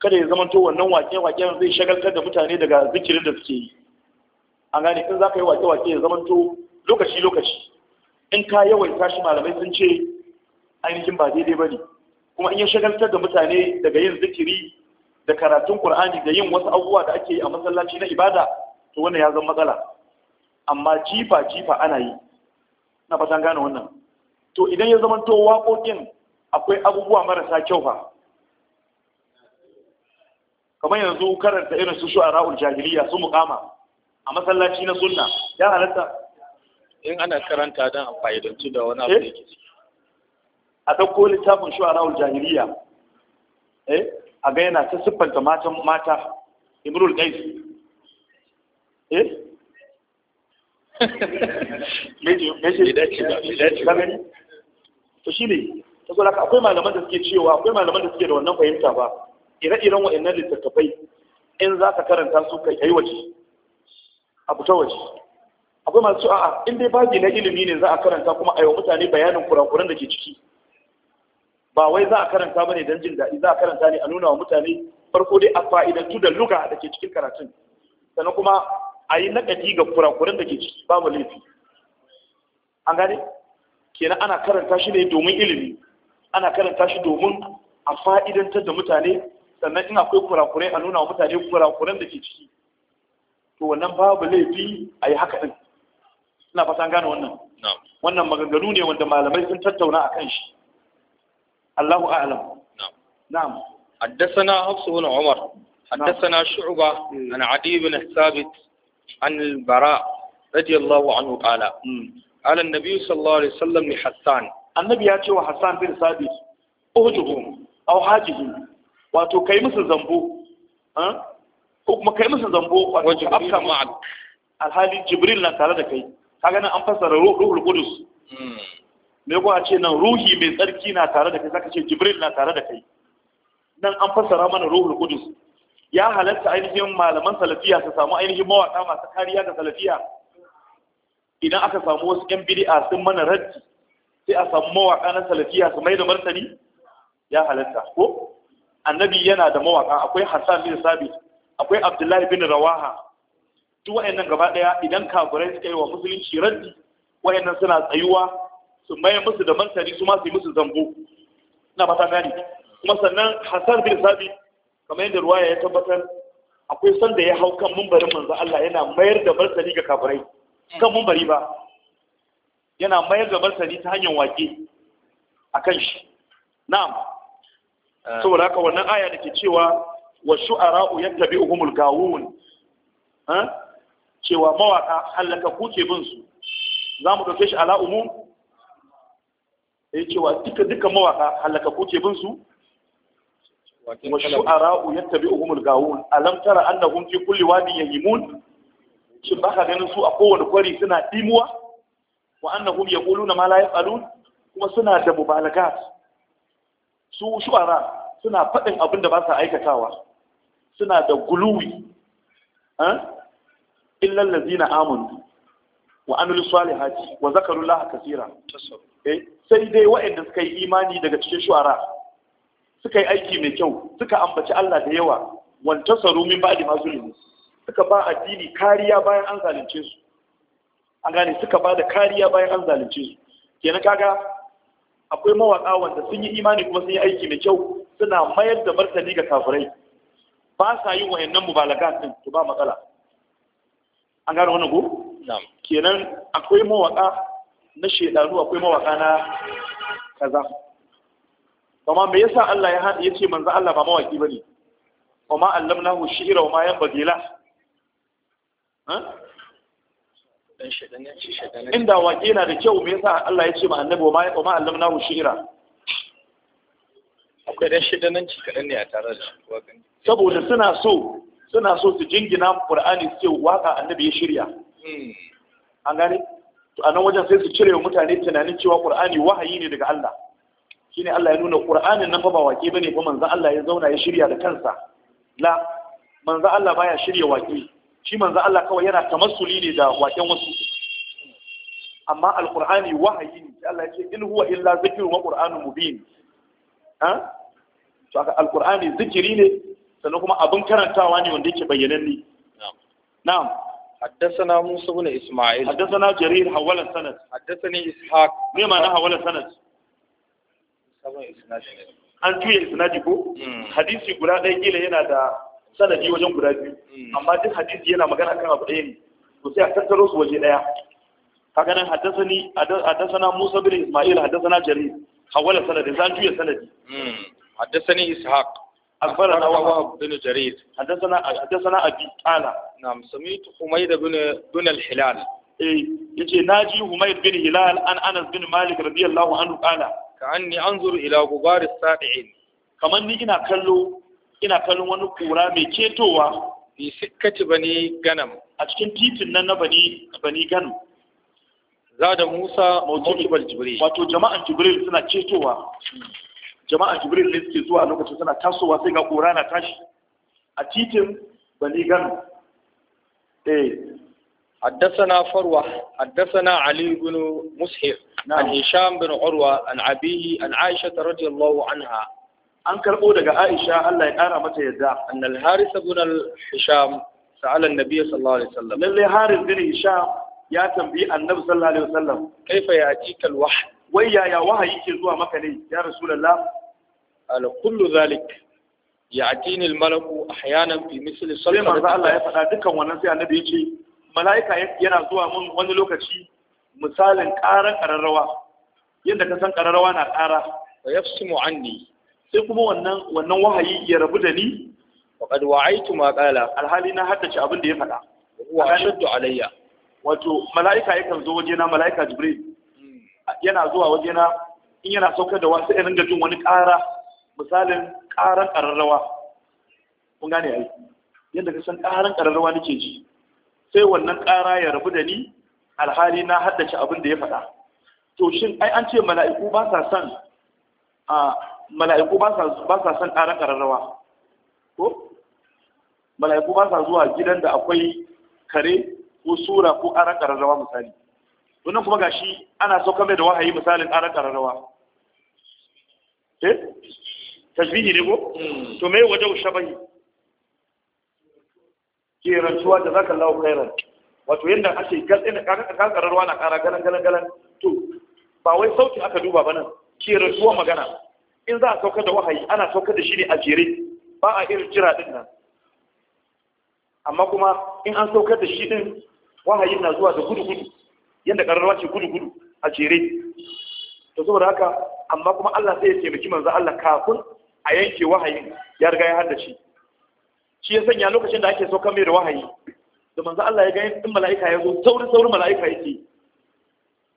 kada ya zama to wannan wake wake zai shagaltar da mutane daga zikirin da suke yi A gane in za ka yi wake-wake ya zama to lokaci-lokaci in ka yawaita shi malamai sun ce ainihin ba daidai ba ne kuma in ya shagaltar da mutane daga yin zikiri da karatun Kur'ani da yin wasu abubuwa da ake yi a masallaci na ibada to wannan ya zama matsala amma jifa-jifa ana yi na fatan gane wannan to idan ya zama to waƙoƙin akwai abubuwa marasa kyau fa kamar yanzu karanta irin su shu'ara'ul jahiliya su muqama a masallaci na sunna ya halatta in ana karanta don a fa'idantu da wani abu da yake ciki eh? a ɗauko littafin shu'ara'ul jahiliya eh a ga yana ta siffanta matan mata imrul qais eh to shi ne ta akwai malaman da suke cewa akwai malaman da suke da wannan fahimta ba ire-iren wa'annan littattafai in za ka karanta su kai yi waje a fita waje akwai masu a'a in dai babi na ilimi ne za a karanta kuma a yi wa mutane bayanin kurakuran da ke ciki ba wai za a karanta bane don jin daɗi za a karanta ne a nuna wa mutane farko dai a fa'idantu da luga da ke cikin karatun sannan kuma a yi naƙadi ga kurakuran da ke ciki babu laifi an gane kenan ana karanta shi ne domin ilimi ana karanta shi domin a fa'idantar da mutane sannan in akwai kurakurai a nuna mutane kurakuran da ke ciki to wannan babu laifi a yi haka ɗin ina fatan gane wannan wannan maganganu ne wanda malamai sun tattauna a kan shi Allahu a'lam na'am حدثنا حفص بن عمر حدثنا شعبة عن عدي بن ثابت عن البراء رضي الله عنه قال قال النبي صلى الله عليه وسلم لحسان النبي يا حسان بن ثابت اهجهم او حاجهم wato kai musu zambo ko kuma kai musu zambo wato afka ma'ak alhali jibril na tare da kai Ka gani an fassara ruhul qudus hmm. me ko a ce nan ruhi mai tsarki na tare da kai zaka ce jibril na tare da kai nan an fassara mana ruhul qudus ya halatta ainihin malaman salafiya su samu ainihin mawaka masu kariya ga salafiya idan aka samu wasu yan bid'a sun mana raddi sai a samu mawaka na salafiya su mai da martani ya halatta ko annabi yana da mawaka akwai hassan bin sabit akwai abdullahi bin rawaha duk wayannan gaba daya idan kafirai suka yi wa musulunci raddi wayannan suna tsayuwa su maye musu da mantari su ma su yi musu zambo na fata gani kuma sannan hassan bin sabit kamar yadda ruwaya ya tabbatar akwai da ya hau kan mumbarin manzo Allah yana mayar da martani ga kafirai kan mumbari ba yana mayar da martani ta hanyar wake akan shi na'am saboda haka wannan aya da ke cewa wa shu'ara'u yattabi'uhumul gawun cewa mawaka hallaka kuke bin su za mu ɗauke shi ala umum eh cewa duka duka mawaka hallaka kuke bin su wa shu'ara'u yattabi'uhumul gawun alam tara annahum fi kulli wadin yahimun shin ba ka ganin su a kowane kwari suna dimuwa wa annahum yaquluna ma la yaqulun kuma suna da mubalagat su shuwara suna faɗin abin da ba sa aikatawa suna da guluwi eh? illal ladina amun wa amilu salihati wa zakaru laha kaseera eh, sai dai waɗanda suka yi imani daga cikin shuwara, suka yi aiki mai kyau suka ambaci Allah da yawa wanta saru min ba'di ma suka ba addini kariya bayan an zalunce su an gane suka ba da kariya bayan an zalunce su kenan kaga akwai mawaƙa wanda sun yi imani kuma sun yi aiki mai kyau suna mayar da martani ga kafirai ba sa yin wayannan mubalaga din to ba matsala an gano wannan ko kenan akwai mawaƙa na shedanu akwai mawaƙa na kaza amma me yasa Allah ya hada yace manzo Allah ba mawaki bane wa ma allamnahu shi'ra wa ma yanbaghi la inda waƙe na da kyau me yasa Allah ya ce ma annabi wa ma allamnahu shi'ra akwai dan shidananci kaɗan ne a tare da shi saboda suna so suna so su jingina Qur'ani su ce waka annabi ya shirya hmm. an gane to anan wajen sai su cire wa mutane tunanin cewa Qur'ani wahayi ne daga Allah shine Allah ya nuna Qur'anin nan fa ba waƙe bane fa manzo Allah ya zauna ya shirya da kansa la manzo Allah baya shirya waƙe shi manzo Allah kawai yana tamassuli ne da waken wasu amma alqur'ani wahayi ne Allah ya ce in huwa illa zikru wa qur'anun mubin ha to aka alqur'ani zikiri ne sannan kuma abin karantawa ne wanda yake bayyananne na'am حدثنا موسى بن اسماعيل حدثنا جرير حول السند حدثني اسحاق ما معنى حول السند an juya isnadi ko hmm. hadisi guda ɗaya kila yana da sanadi wajen guda biyu hmm. amma duk hadisi yana magana kan abu ɗaya ne to sai a tattaro su waje ɗaya kaga nan haddasani haddasana Musa bin Isma'il haddasana Jarir hawala sanadi zan juya sanadi hmm. haddasani Ishaq أخبرنا وهب بن جرير حدثنا حدثنا أبي قال نعم سمعت حميد بن بن الحلال إيه يجي ناجي حميد بن هلال عن أنس بن مالك رضي الله عنه قال كأني أنظر إلى غبار Kamar ni ina kallo. ina kallon wani kura mai ketowa bi sikkati bani ganam a cikin titin nan na bani bani ganam za da musa bal jibril wato jama'an jibril suna ketowa jama'an jibril ne suke zuwa lokacin suna tasowa sai ga kura na tashi a titin bani ganam eh حدثنا فروة حدثنا علي بن مسهر عن هشام بن عروة عن أبيه عن عائشة رضي الله عنها an karbo daga Aisha Allah ya kara mata yadda annal Haris ibn al-Hisham sa'ala an-nabi sallallahu alaihi wasallam lalle Haris bin Hisham ya tambayi annabi sallallahu alaihi wasallam kaifa ya'tika al-wahy wai ya yaya wahayi ke zuwa maka ne ya rasulullah al kullu zalik ya'tini al-malaku ahyanan fi misli salati sai manzo Allah ya faɗa dukkan wannan sai annabi ya ce mala'ika yana zuwa mun wani lokaci misalin ƙaran ƙararrawa yadda ka san ƙararrawa na ƙara wa yafsimu anni sai kuma wannan wannan wahayi ya rabu da ni faqad wa'aytu ma qala alhali na haddace abin da ya faɗa wa shaddu alayya wato mala'ika yakan zo waje na mala'ika jibril hmm. yana zuwa waje na in yana saukar da wasu irin gajin wani ƙara misalin ƙaran ƙararrawa kun gane ai yadda ka san ƙaran ƙararrawa nake ji sai wannan ƙara ya rabu da ni alhali na haddace abin da ya faɗa to shin ai an ce mala'iku ba sa son a mala'iku ba sa san ƙara ƙararrawa ko mala'iku ba sa zuwa gidan da akwai kare ko sura ko ƙara ƙararrawa misali wannan kuma gashi ana so kame da wahayi misalin ƙara ƙararrawa eh tasbihi ne ko hmm. to me waje shabahi ke rantsuwa da zaka lawo kairan wato yanda ake gatsin ƙara ƙararrawa na ƙara galan galan galan to ba wai sauti aka duba ba nan ke rantsuwa magana in za a saukar da wahayi ana saukar da shi ne a jere ba a irin jira din nan amma kuma in an saukar da shi din wahayin na zuwa da gudu-gudu yadda ƙararrawa ce gudu-gudu a jere to saboda haka amma kuma Allah sai ya taimaki manzo Allah kafin a yanke wahayin ya riga ya haddace shi ya sanya lokacin da ake saukar mai da wahayi da manzo Allah ya ga in mala'ika ya zo saurin saurin mala'ika yake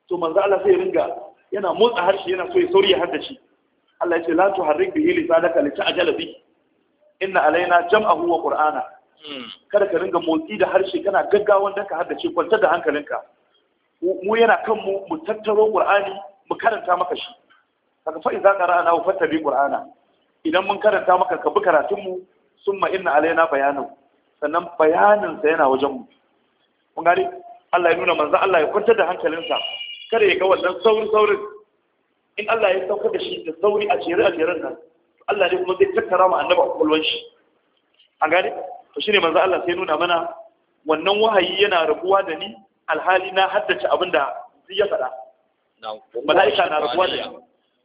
to manzo Allah sai ya ringa yana motsa harshe yana so ya sauri ya haddace Allah ya ce la tuharrik bihi lisanaka li ta'jala bi inna alaina jam'ahu wa qur'ana hmm. kada ka ringa motsi da harshe kana gaggawan da ka haddace kwantar da hankalinka mu yana kan mu mu tattaro qur'ani mu karanta maka shi kaga fa idza qara'ana wa fattabi qur'ana idan mun karanta maka ka bi karatun mu summa inna alaina bayanu sannan bayanin sa yana wajen mu kun gani Allah ya nuna manzo Allah ya kwantar da hankalinsa kada ya ga wannan saurin saurin in Allah ya sauka da shi da sauri a jere a jeren nan Allah ne kuma zai tattara mu annaba kwakwalwar shi an gane to shine manzo Allah sai nuna mana wannan wahayi yana rabuwa da ni alhali na haddace abin da zai ya faɗa mala'ika na rabuwa da ni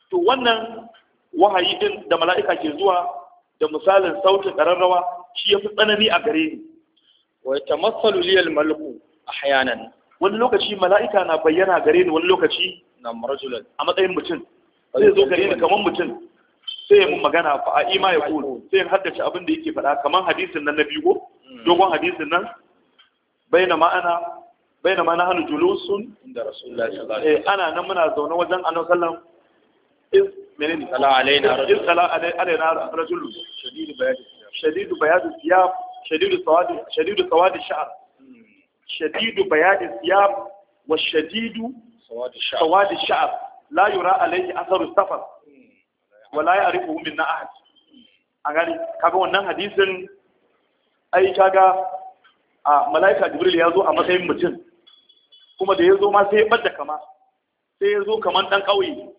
to wannan wahayi din da mala'ika ke zuwa da misalin sautin ƙararrawa shi ya fi tsanani a gare ni wa tamassalu liyal malku ahyanan wani lokaci mala'ika na bayyana gare ni wani lokaci na rajulan a matsayin mutum Sai zo gare ni kamar mutum sai mun magana fa a ima ya kulu sai ya haddace abin da yake faɗa kamar hadisin nan na biyu mm. dogon hadisin nan baina ma'ana na ma nahnu julusun inda rasulullahi eh, ana nan muna zaune wajen annabi sallallahu alaihi wasallam menene sala alaina rajul sala alaina rajul shadidu bayad shadidu bayad siyab shadidu sawad shadidu sawad sha'r shadidu bayadi الثياب wa shadidu sawadi لا يرى عليه اثر السفر ولا يعرفه من احد min ahad a gani wannan hadisin ai kaga a malaika jibril ya zo a matsayin mutum kuma da ya zo ma sai ya bada kama sai ya zo kaman dan kauye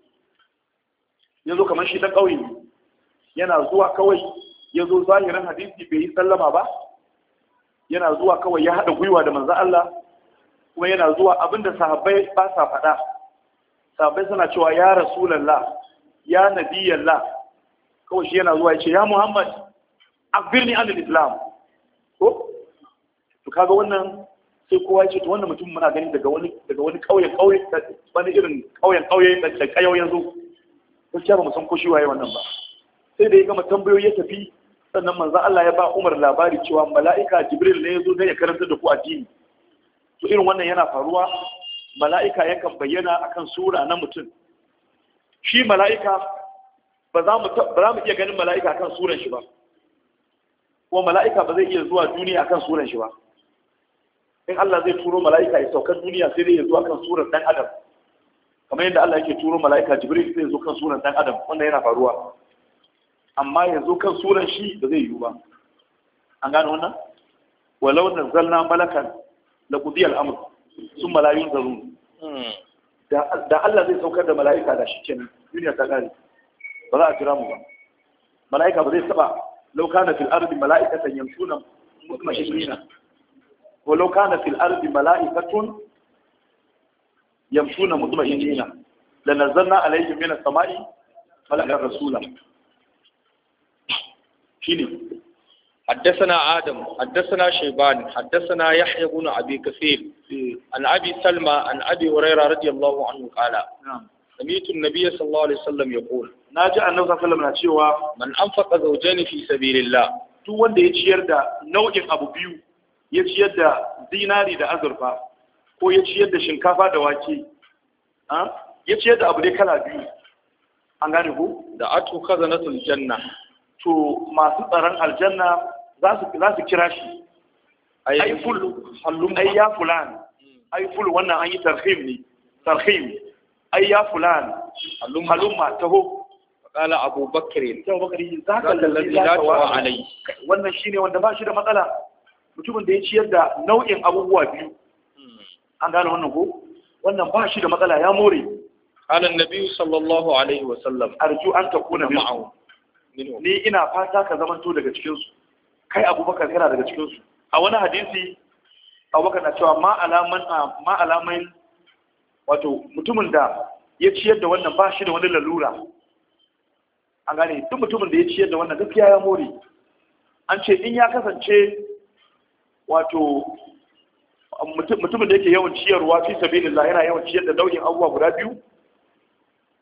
ya zo kaman shi dan kauye yana zuwa kawai ya zo zahirin hadisi bai yi sallama ba yana zuwa kawai ya haɗa gwiwa da manzan Allah kuma yana zuwa abinda sahabbai ba sa faɗa sahabbai suna cewa ya rasulallah ya nabiyallah kawai shi yana zuwa ya ce ya muhammad akbirni an islam ko to kaga wannan sai kowa ce to wannan mutum muna gani daga wani daga wani wani irin ƙauyen ƙauye da ƙayo yanzu gaskiya ba mu san ko shi waye wannan ba sai da ya gama tambayoyi ya tafi sannan manzan Allah ya ba Umar labari cewa mala'ika Jibril ne ya zo ya karanta da ku addini to irin wannan yana faruwa mala'ika yakan bayyana akan sura na mutum shi mala'ika ba za mu iya ganin mala'ika akan suran shi ba kuma mala'ika ba zai iya zuwa duniya akan suran shi ba in Allah zai turo mala'ika ya saukar duniya sai zai zuwa kan suran dan adam kamar yadda Allah yake turo mala'ika Jibril sai ya zo kan suran dan adam wannan yana faruwa amma yanzu kan suran shi ba zai yiwu ba an gano wannan walau zalna malakan la kudi al'amur sun malayun zarun hmm. da Allah zai saukar da mala'ika da shi kenan duniya ta kare ba za a kira mu ba mala'ika ba zai saba law kana fil ardi mala'ikatan yamshuna na. wa law kana fil ardi mala'ikatun yamshuna mutmashina lanazzalna alaihim min as-sama'i malakan rasula shine حدثنا آدم حدثنا شيبان حدثنا يحيى بن أبي كثير عن أبي سلمى عن أبي هريرة رضي الله عنه قال سمعت النبي صلى الله عليه وسلم يقول ناجع النبي صلى الله عليه وسلم cewa من أنفق زوجين في سبيل الله duk wanda ya ciyar da nau'in abu biyu ya ciyar da zinari da azurfa ko ya ciyar da shinkafa da wake ya ciyar da abu dai kala biyu an gane ku da atu khazanatul janna to masu tsaron aljanna za su kira shi ai ful hallum ai ya fulan hmm. ai ful wannan an yi tarhim ne tarhim ai ya fulan hallum hallum taho قال أبو Za ka الذي لا توا عليه wannan shine wanda ba shi da matsala mutumin da ya ciyar da nau'in abubuwa biyu hmm. an gane wannan ko wannan ba shi da matsala ya more qala an-nabi sallallahu alaihi wa sallam arju an takuna ma'ahu ni ina fata ka to daga cikinsu kai abubakar kana daga cikinsu a wani hadisi abubakar na cewa ma alamai ah, wato mutumin da ya ciyar da wannan ba shi da wani lalura an gane duk mutumin da ya ciyar da wannan gaskiya ya more an ce in ya kasance wato mutumin da yake yawan ciyarwa fi sabilillah yana yawan ciyar da nau'in abubuwa guda biyu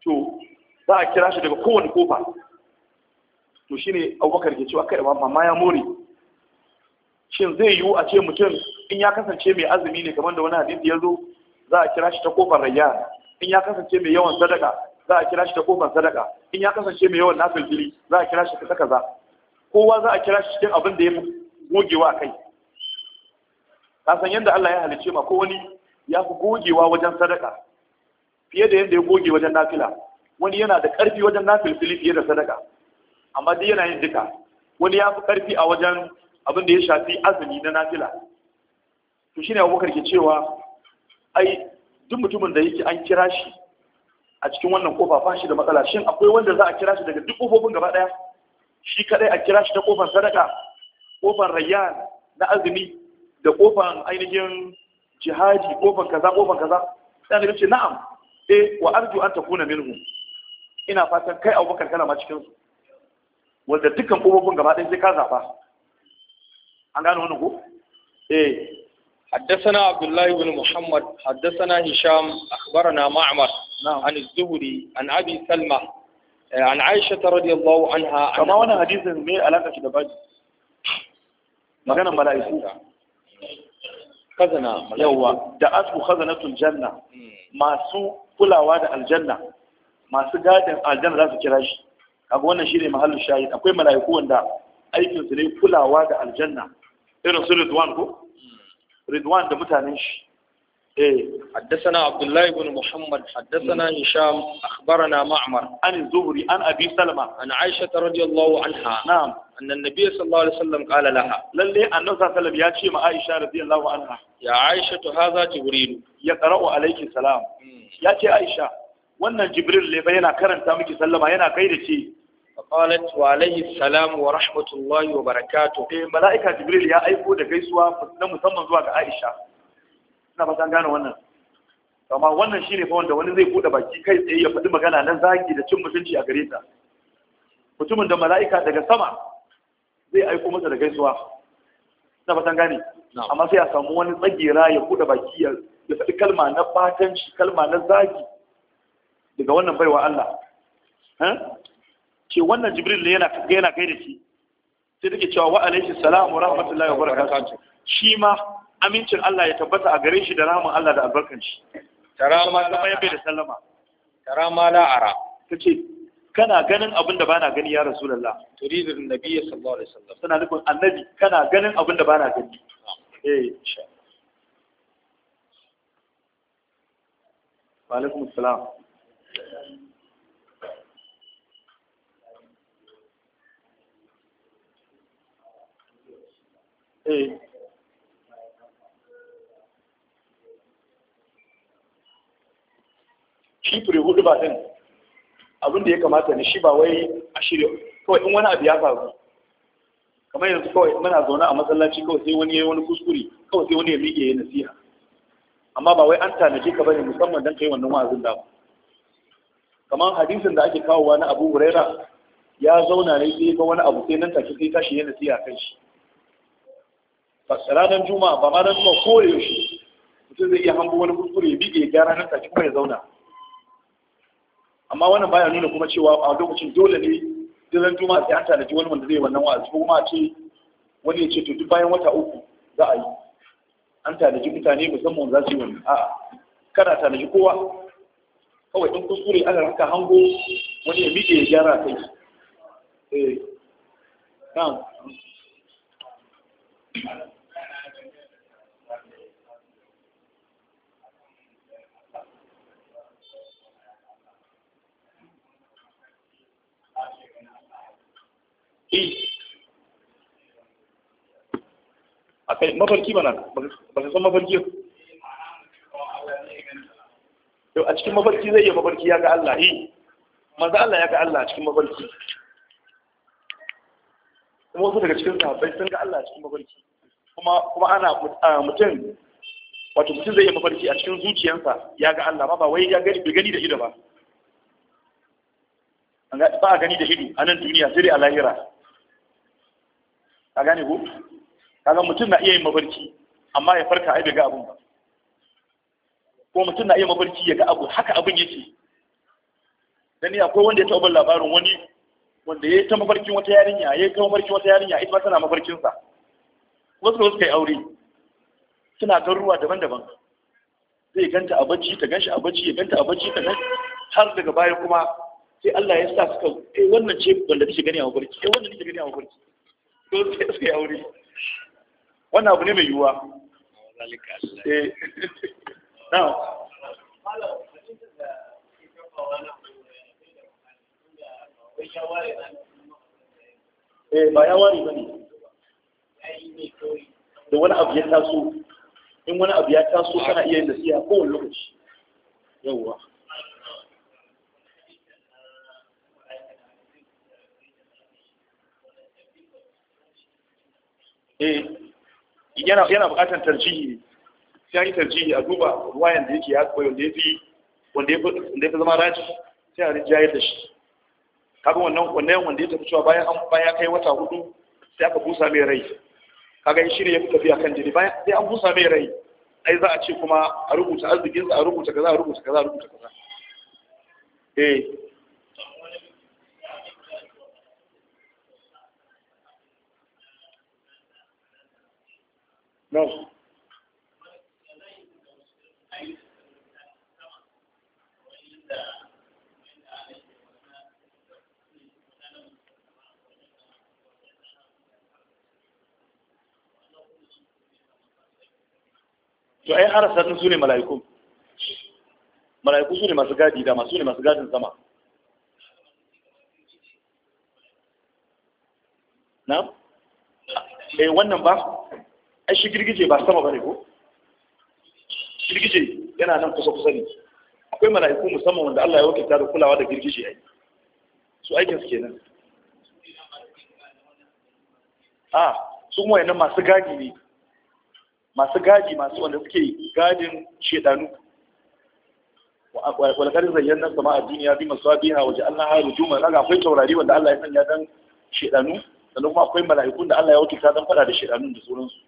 to za a kira shi daga kowane kofa to shi ne abubakar ke cewa kai mamma ya more shin zai yiwu a ce mutum in ya kasance mai azumi ne kamar da wani hadisi ya zo za a kira shi ta kofar rayyan in ya kasance mai yawan sadaka za a kira shi ta kofar sadaka in ya kasance mai yawan nafilfili za a kira shi ta kaza kowa za a kira shi cikin abin da ya gogewa a kai ka san yadda Allah ya halice ma ko wani ya fi gogewa wajen sadaka fiye da yadda ya goge wajen nafila wani yana da ƙarfi wajen nafilfili fiye da sadaka amma duk yana duka wani ya fi ƙarfi a wajen abin da ya shafi azumi na nafila to shine abubakar ke cewa ai duk mutumin da yake an kira shi a cikin wannan kofa ba shi da matsala shin akwai wanda za a kira shi daga duk kofofin gaba ɗaya shi kadai a kira shi ta kofar sadaka kofar rayyan na azumi da kofar ainihin jihadi kofar kaza kofar kaza sai da ce na'am eh wa arju an takuna minhu ina fatan kai abubakar kana ma cikin su wanda dukkan ƙofofin gaba ɗaya sai ka zaɓa an gano wani ko eh حدثنا عبد الله بن محمد حدثنا هشام أخبرنا معمر نعم. عن الزهري عن أبي سلمة عن عائشة رضي الله عنها كما وانا حديث ما علاقة شدباج مغانا ملائكو خزنة يوا دعته خزنة الجنة ما سو كلاوا الجنة ما سو قادم الجنة لا تكراش kaga wannan shine mahallin shahid akwai mala'iku wanda aikin su ne kulawa da aljanna irin su Ridwan ko Ridwan da mutanen shi eh haddathana Abdullah ibn Muhammad haddathana Hisham akhbarana Ma'mar an Zuhri an Abi salama. an Aisha radiyallahu anha na'am anna an-nabiy sallallahu alaihi wasallam qala laha lalle annabi sallallahu ya ce ma Aisha radiyallahu anha ya Aisha to haza Jibril ya qara'u alayki salam ya ce Aisha wannan Jibril ne ba yana karanta miki sallama yana kai da ce فقالت wa rahmatullahi wa الله وبركاته ملائكة جبريل يا أيكو da gaisuwa na musamman zuwa ga Aisha ina ba san gane wannan amma wannan shine fa wanda wani zai bude baki kai tsaye ya faɗi magana nan zaki da cin mutunci a gare ta mutumin da mala'ika daga sama zai aiko masa da gaisuwa ina ba gane amma sai a samu wani tsagera ya bude baki ya faɗi kalma na batanci kalma na zagi daga wannan baiwa Allah ce wannan jibril ne yana kai da shi sai take cewa wa alaihi salamu wa rahmatullahi wa barakatuh shi ma amincin Allah ya tabbata a gare shi da rahman Allah da albarkan shi tara ma la ya bai da sallama tara la ara tace kana ganin abin da bana gani ya rasulullah turidu an nabiy sallallahu alaihi wasallam tana nufin annabi kana ganin abin da bana gani ah, eh insha Allah wa alaikum assalam eh shi hudu ba din abinda ya kamata ne shi ba wai a shirya kawai in wani abu ya faru kamar yanzu kawai muna zaune a masallaci kawai sai wani ya yi wani kuskure kawai sai wani ya miƙe ya nasiha amma ba wai an tanaje ka bane musamman don kai wannan wa'azin da kamar hadisin da ake kawowa na abu huraira ya zauna ne sai ga wani abu sai nan take sai tashi ya nasiha kan shi ranar juma'a ba ma ranar juma'a ko da yaushe mutum zai iya hango wani kuskure ya bige ya gyara nan take kuma ya zauna amma wannan baya nuna kuma cewa a lokacin dole ne dinan juma'a sai an tanaji wani wanda zai wannan wa'azi ko kuma a ce wani ya ce to duk bayan wata uku za a yi an tanaji mutane musamman za su yi wani a'a kana tanaji kowa kawai in kuskure ana haka hango wani ya miƙe ya gyara kai eh na'am E. a kai mafarki ba na ba ka san mafarki yau a cikin mafarki zai iya mafarki ya ga Allah yi e. manzo Allah ya ga Allah a cikin mafarki kuma wasu daga cikin sahabbai sun ga Allah a cikin mafarki kuma kuma ana mutum wato mutum zai iya mafarki a cikin zuciyarsa ya ga Allah ba wai ya gani bai gani da ido ba ba a gani da ido a nan duniya sai dai a lahira ka gane ko kaga mutum na iya yin mafarki amma ya farka ai bai ga abun ba ko mutum na iya mafarki ya ga abu haka abin yake dan ni akwai wanda ya taɓa labarin wani wanda ya ta mafarkin wata yarinya ya ta mafarkin wata yarinya ita ma tana mafarkin sa wasu wasu yi aure suna garuruwa daban-daban zai ganta a bacci ta ganshi a bacci ya ganta a bacci ta ganshi har daga baya kuma sai Allah ya sa suka eh wannan ce wanda take gani a mafarki eh wannan take gani a mafarki don sai su yi aure wannan abu ne mai yiwuwa eh. eh ba ya ware ba ne da wani abu ya taso in wani abu ya taso kana iya yin da nasiha kowane lokaci yawwa eh yana yana tarjihi tarjihi sai yi tarjihi a duba ruwayan da yake ya koyi wanda yafi wanda ya fi zama raji sai a rijiya da shi kaga wannan wannan wanda ya tafi cewa bayan an bayan kai wata hudu sai aka busa mai rai kaga in shirya ya tafi akan jini bayan sai an busa mai rai ai za a ce kuma a rubuta arzikinsa a rubuta kaza a rubuta kaza a rubuta kaza eh no to ai harasa din sune mala'iku mala'iku ne masu gadi da masu ne masu gadin sama na eh wannan ba ai shi girgije ba sama bane ko girgije yana nan kusa kusa ne akwai mala'iku musamman wanda Allah ya wakilta da kulawa da girgije ai su aikin su kenan a su kuma yana masu gadi ne masu gadi masu wanda suke gadin shedanu kadin zayyana sama a duniya bi masu biya waje Allah ya rujuma daga akwai taurari wanda Allah ya sanya dan shedanu sannan kuma akwai mala'ikun da Allah ya wakilta dan fada da shedanun da sauransu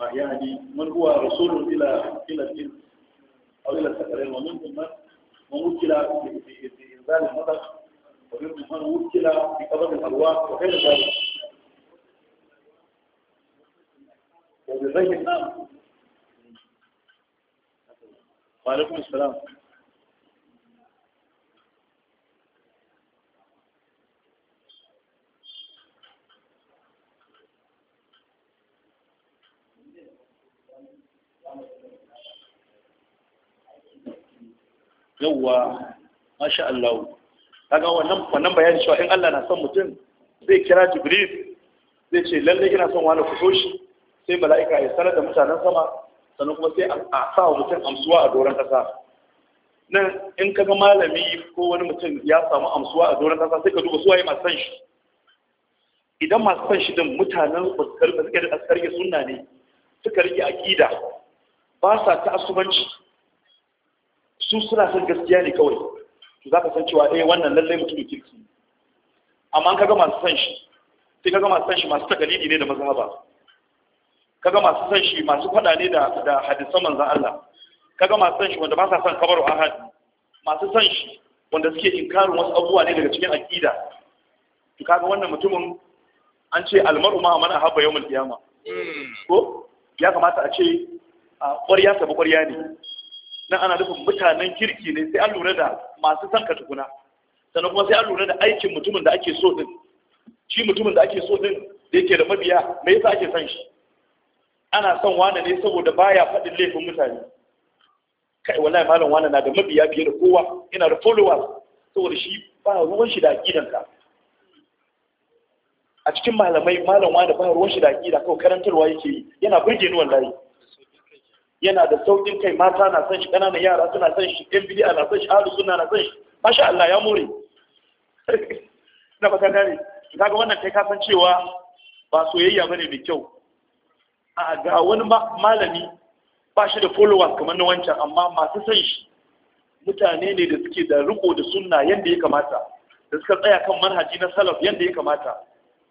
يعني من هو رسول إلى إلى الجن أو إلى السكرين ومنهم من في إنزال المطر ومنهم من وكل قبض الأرواح وغير ذلك وبغير النام وعليكم السلام yawwa masha Allah kaga wannan wannan bayani cewa in Allah na son mutum zai kira Jibril zai ce lalle ina son wani ku so shi sai mala'ika ya sanar da mutanen sama sannan kuma sai a sa mutum amsuwa a doron kasa nan in kaga malami ko wani mutum ya samu amsuwa a doron kasa sai ka duba suwaye masu san shi idan masu san shi din mutanen baskar da suke da sunna ne suka rike aqida ba sa ta asubanci su suna son gaskiya ne kawai su za ka san cewa ɗaya eh, wannan lallai mutumin kirki amma kaga masu san shi sai kaga masu san shi masu takalidi ne da mazhaba kaga masu san shi masu faɗa ne da da hadisan manzon Allah kaga masu san shi wanda ba sa son kabaru ahad masu san shi wanda suke inkarin wasu abubuwa ne daga cikin aqida to kaga wannan mutumin an ce almaru ma man ahabba yawmal qiyama hmm. ko ya kamata a ce a ƙwarya sabu ƙwarya ne nan ana nufin mutanen kirki ne sai an lura da masu son ka tukuna sannan kuma sai an lura da aikin mutumin da ake so din shi mutumin da ake so din da yake da mabiya me yasa ake son shi ana son wane ne saboda baya faɗin laifin mutane kai wallahi malam wane na da mabiya fiye da kowa ina da followers saboda shi ba ruwan shi da aqidanka a cikin malamai malam wane ba ruwan shi da aqida kawai karantarwa yake yi yana burge ni wallahi yana da saukin kai mata na san shi ƙananan yara suna san shi ɗan biliya na san shi alu suna na san shi masha Allah ya more na fata gane kaga wannan kai kasan cewa ba soyayya bane mai kyau a ga wani malami ba shi da followers kamar na wancan amma masu san shi mutane ne da suke da riko da sunna yadda ya kamata da suka tsaya kan manhaji na salaf yadda ya kamata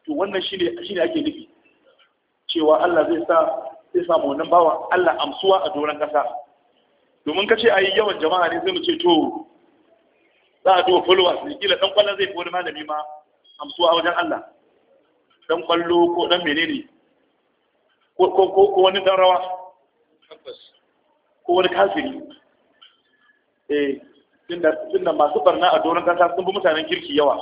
to wannan shine shine ake nufi cewa Allah zai sa sai samu wannan bawan Allah amsuwa a doron kasa domin kace ayi yawan jama'a ne sai mu ce to za a duba followers ne kila dan kwallon zai fi wani malami ma amsuwa a wajen Allah dan kwallo ko dan menene ko ko ko wani dan rawa ko wani kafiri eh tunda masu barna a doron kasa sun bi mutanen kirki yawa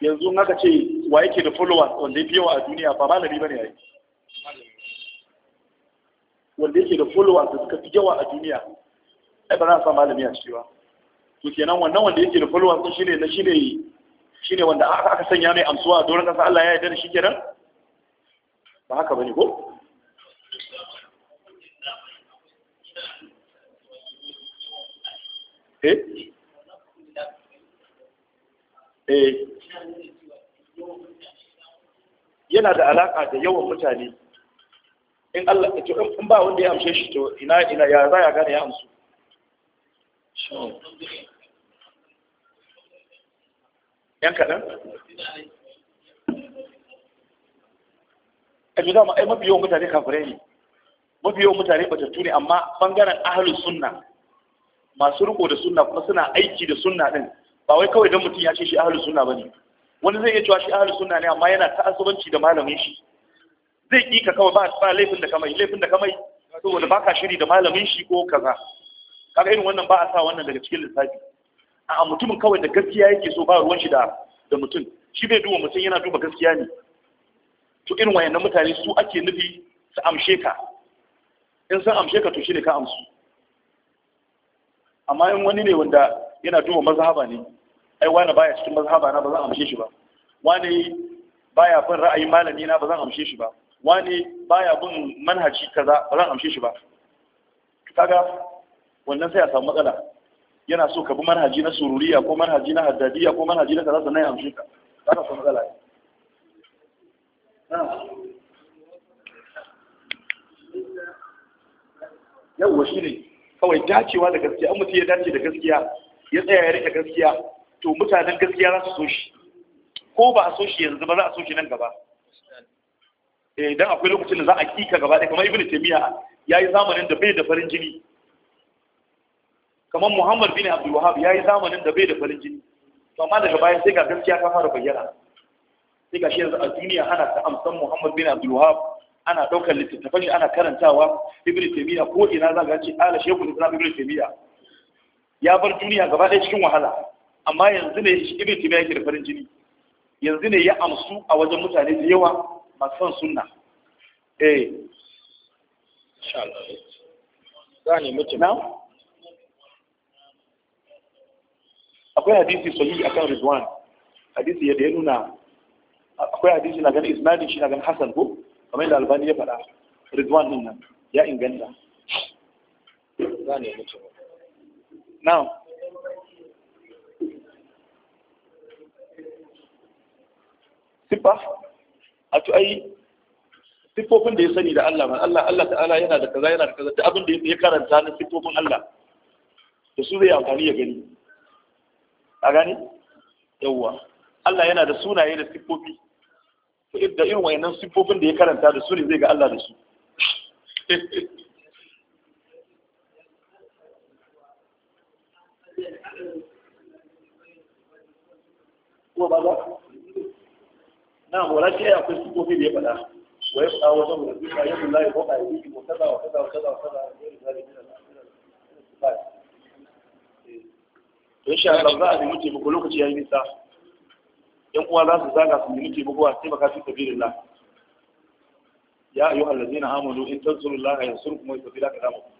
yanzu in aka ce wa yake da followers wanda ya fi yawa a duniya ba malami bane yayi wanda yake da followers da suka fi yawa a duniya ai ba za a sa malami a ciki to kenan wannan wanda yake da followers din shine na shine shine wanda aka sanya mai amsuwa a doron kasa Allah ya yarda da shi kenan ba haka bane ko eh, eh. yana da alaƙa da yawan mutane in Allah to in ba wanda ya amshe shi to ina ina ya za ya gane ya amsu yan kaɗan a ji dama ai mafi yawan mutane kafirai ne mafi yawan mutane batattu ne amma bangaren ahalus sunna masu riko da sunna kuma suna aiki da sunna din ba wai kawai don mutum ya ce shi ahalus sunna bane wani zai iya cewa shi ahalus sunna ne amma yana ta'assubanci da malamin shi zai ƙi ka kawai ba laifin da kamai laifin da kamai saboda ba ka shiri da malamin shi ko kaza kaga irin wannan ba a sa wannan daga cikin lissafi a mutumin kawai da gaskiya yake so ba ruwan shi da da mutum shi bai duba mutum yana duba gaskiya ne to irin wayannan mutane su ake nufi su amshe ka in sun amshe ka to shi ne ka amsu amma in wani ne wanda yana duba mazhaba ne ai wani baya cikin mazhaba na ba zan amshe shi ba wani baya bin ra'ayin malami na ba zan amshe shi ba wani baya bin manhaji kaza ba zan amshe shi ba kaga wannan sai a samu matsala yana so ka bi manhaji na sururiya ko manhaji na haddadiya ko manhaji na kaza sannan ya amshe ka kaga samu matsala yawwa shi ne kawai dacewa da gaskiya an mutum ya dace da gaskiya ya tsaya ya rike gaskiya to mutanen gaskiya za su so shi ko ba a so shi yanzu ba za a so shi nan gaba idan eh, akwai lokacin da za a kika gaba ɗaya kamar ibnu taymiya yayi zamanin da bai da farin jini kamar muhammad bin abdul wahab yayi zamanin da bai da farin jini to amma daga baya sai ga gaskiya ta fara bayyana sai ga shi yanzu a duniya ana ta amsan muhammad bin abdul wahab ana ɗaukar littattafan ana karantawa ibnu taymiya ko ina za ga ce ala shehu islam Ibn taymiya ya bar duniya gaba ɗaya cikin wahala amma yanzu ne ibnu taymiya yake da farin jini yanzu ne ya amsu a wajen mutane da yawa masu son sunna eh za ne mutum akwai hadisi sahihi akan Ridwan hadisi yadda ya nuna akwai hadisi na ganin isnadin shi na ganin Hassan ko kamar da Albani ya faɗa Ridwan din nan ya inganta za ne mutum na'am Sipa? a to ai siffofin da ya sani da Allah man Allah Allah ta'ala yana da kaza yana da kaza da abin da ya karanta na siffofin Allah da su zai amfani ya gani a gani yawwa Allah yana da sunaye da siffofi to da irin wayannan siffofin da ya karanta da su ne zai ga Allah da su ko ba za na wala shi akwai sukofi da ya faɗa wa ya faɗa wata wani duka ya kula ya faɗa ya yi ko kaza wa kaza wa kaza wa kaza ya yi zari da to insha Allah za a nemi taimako lokaci ya yi nisa yan uwa za su zaga su nemi taimako a taimaka fi sabilillah ya ayyuhal ladina amanu in tansurullaha yansurkum wa yusabbih lakum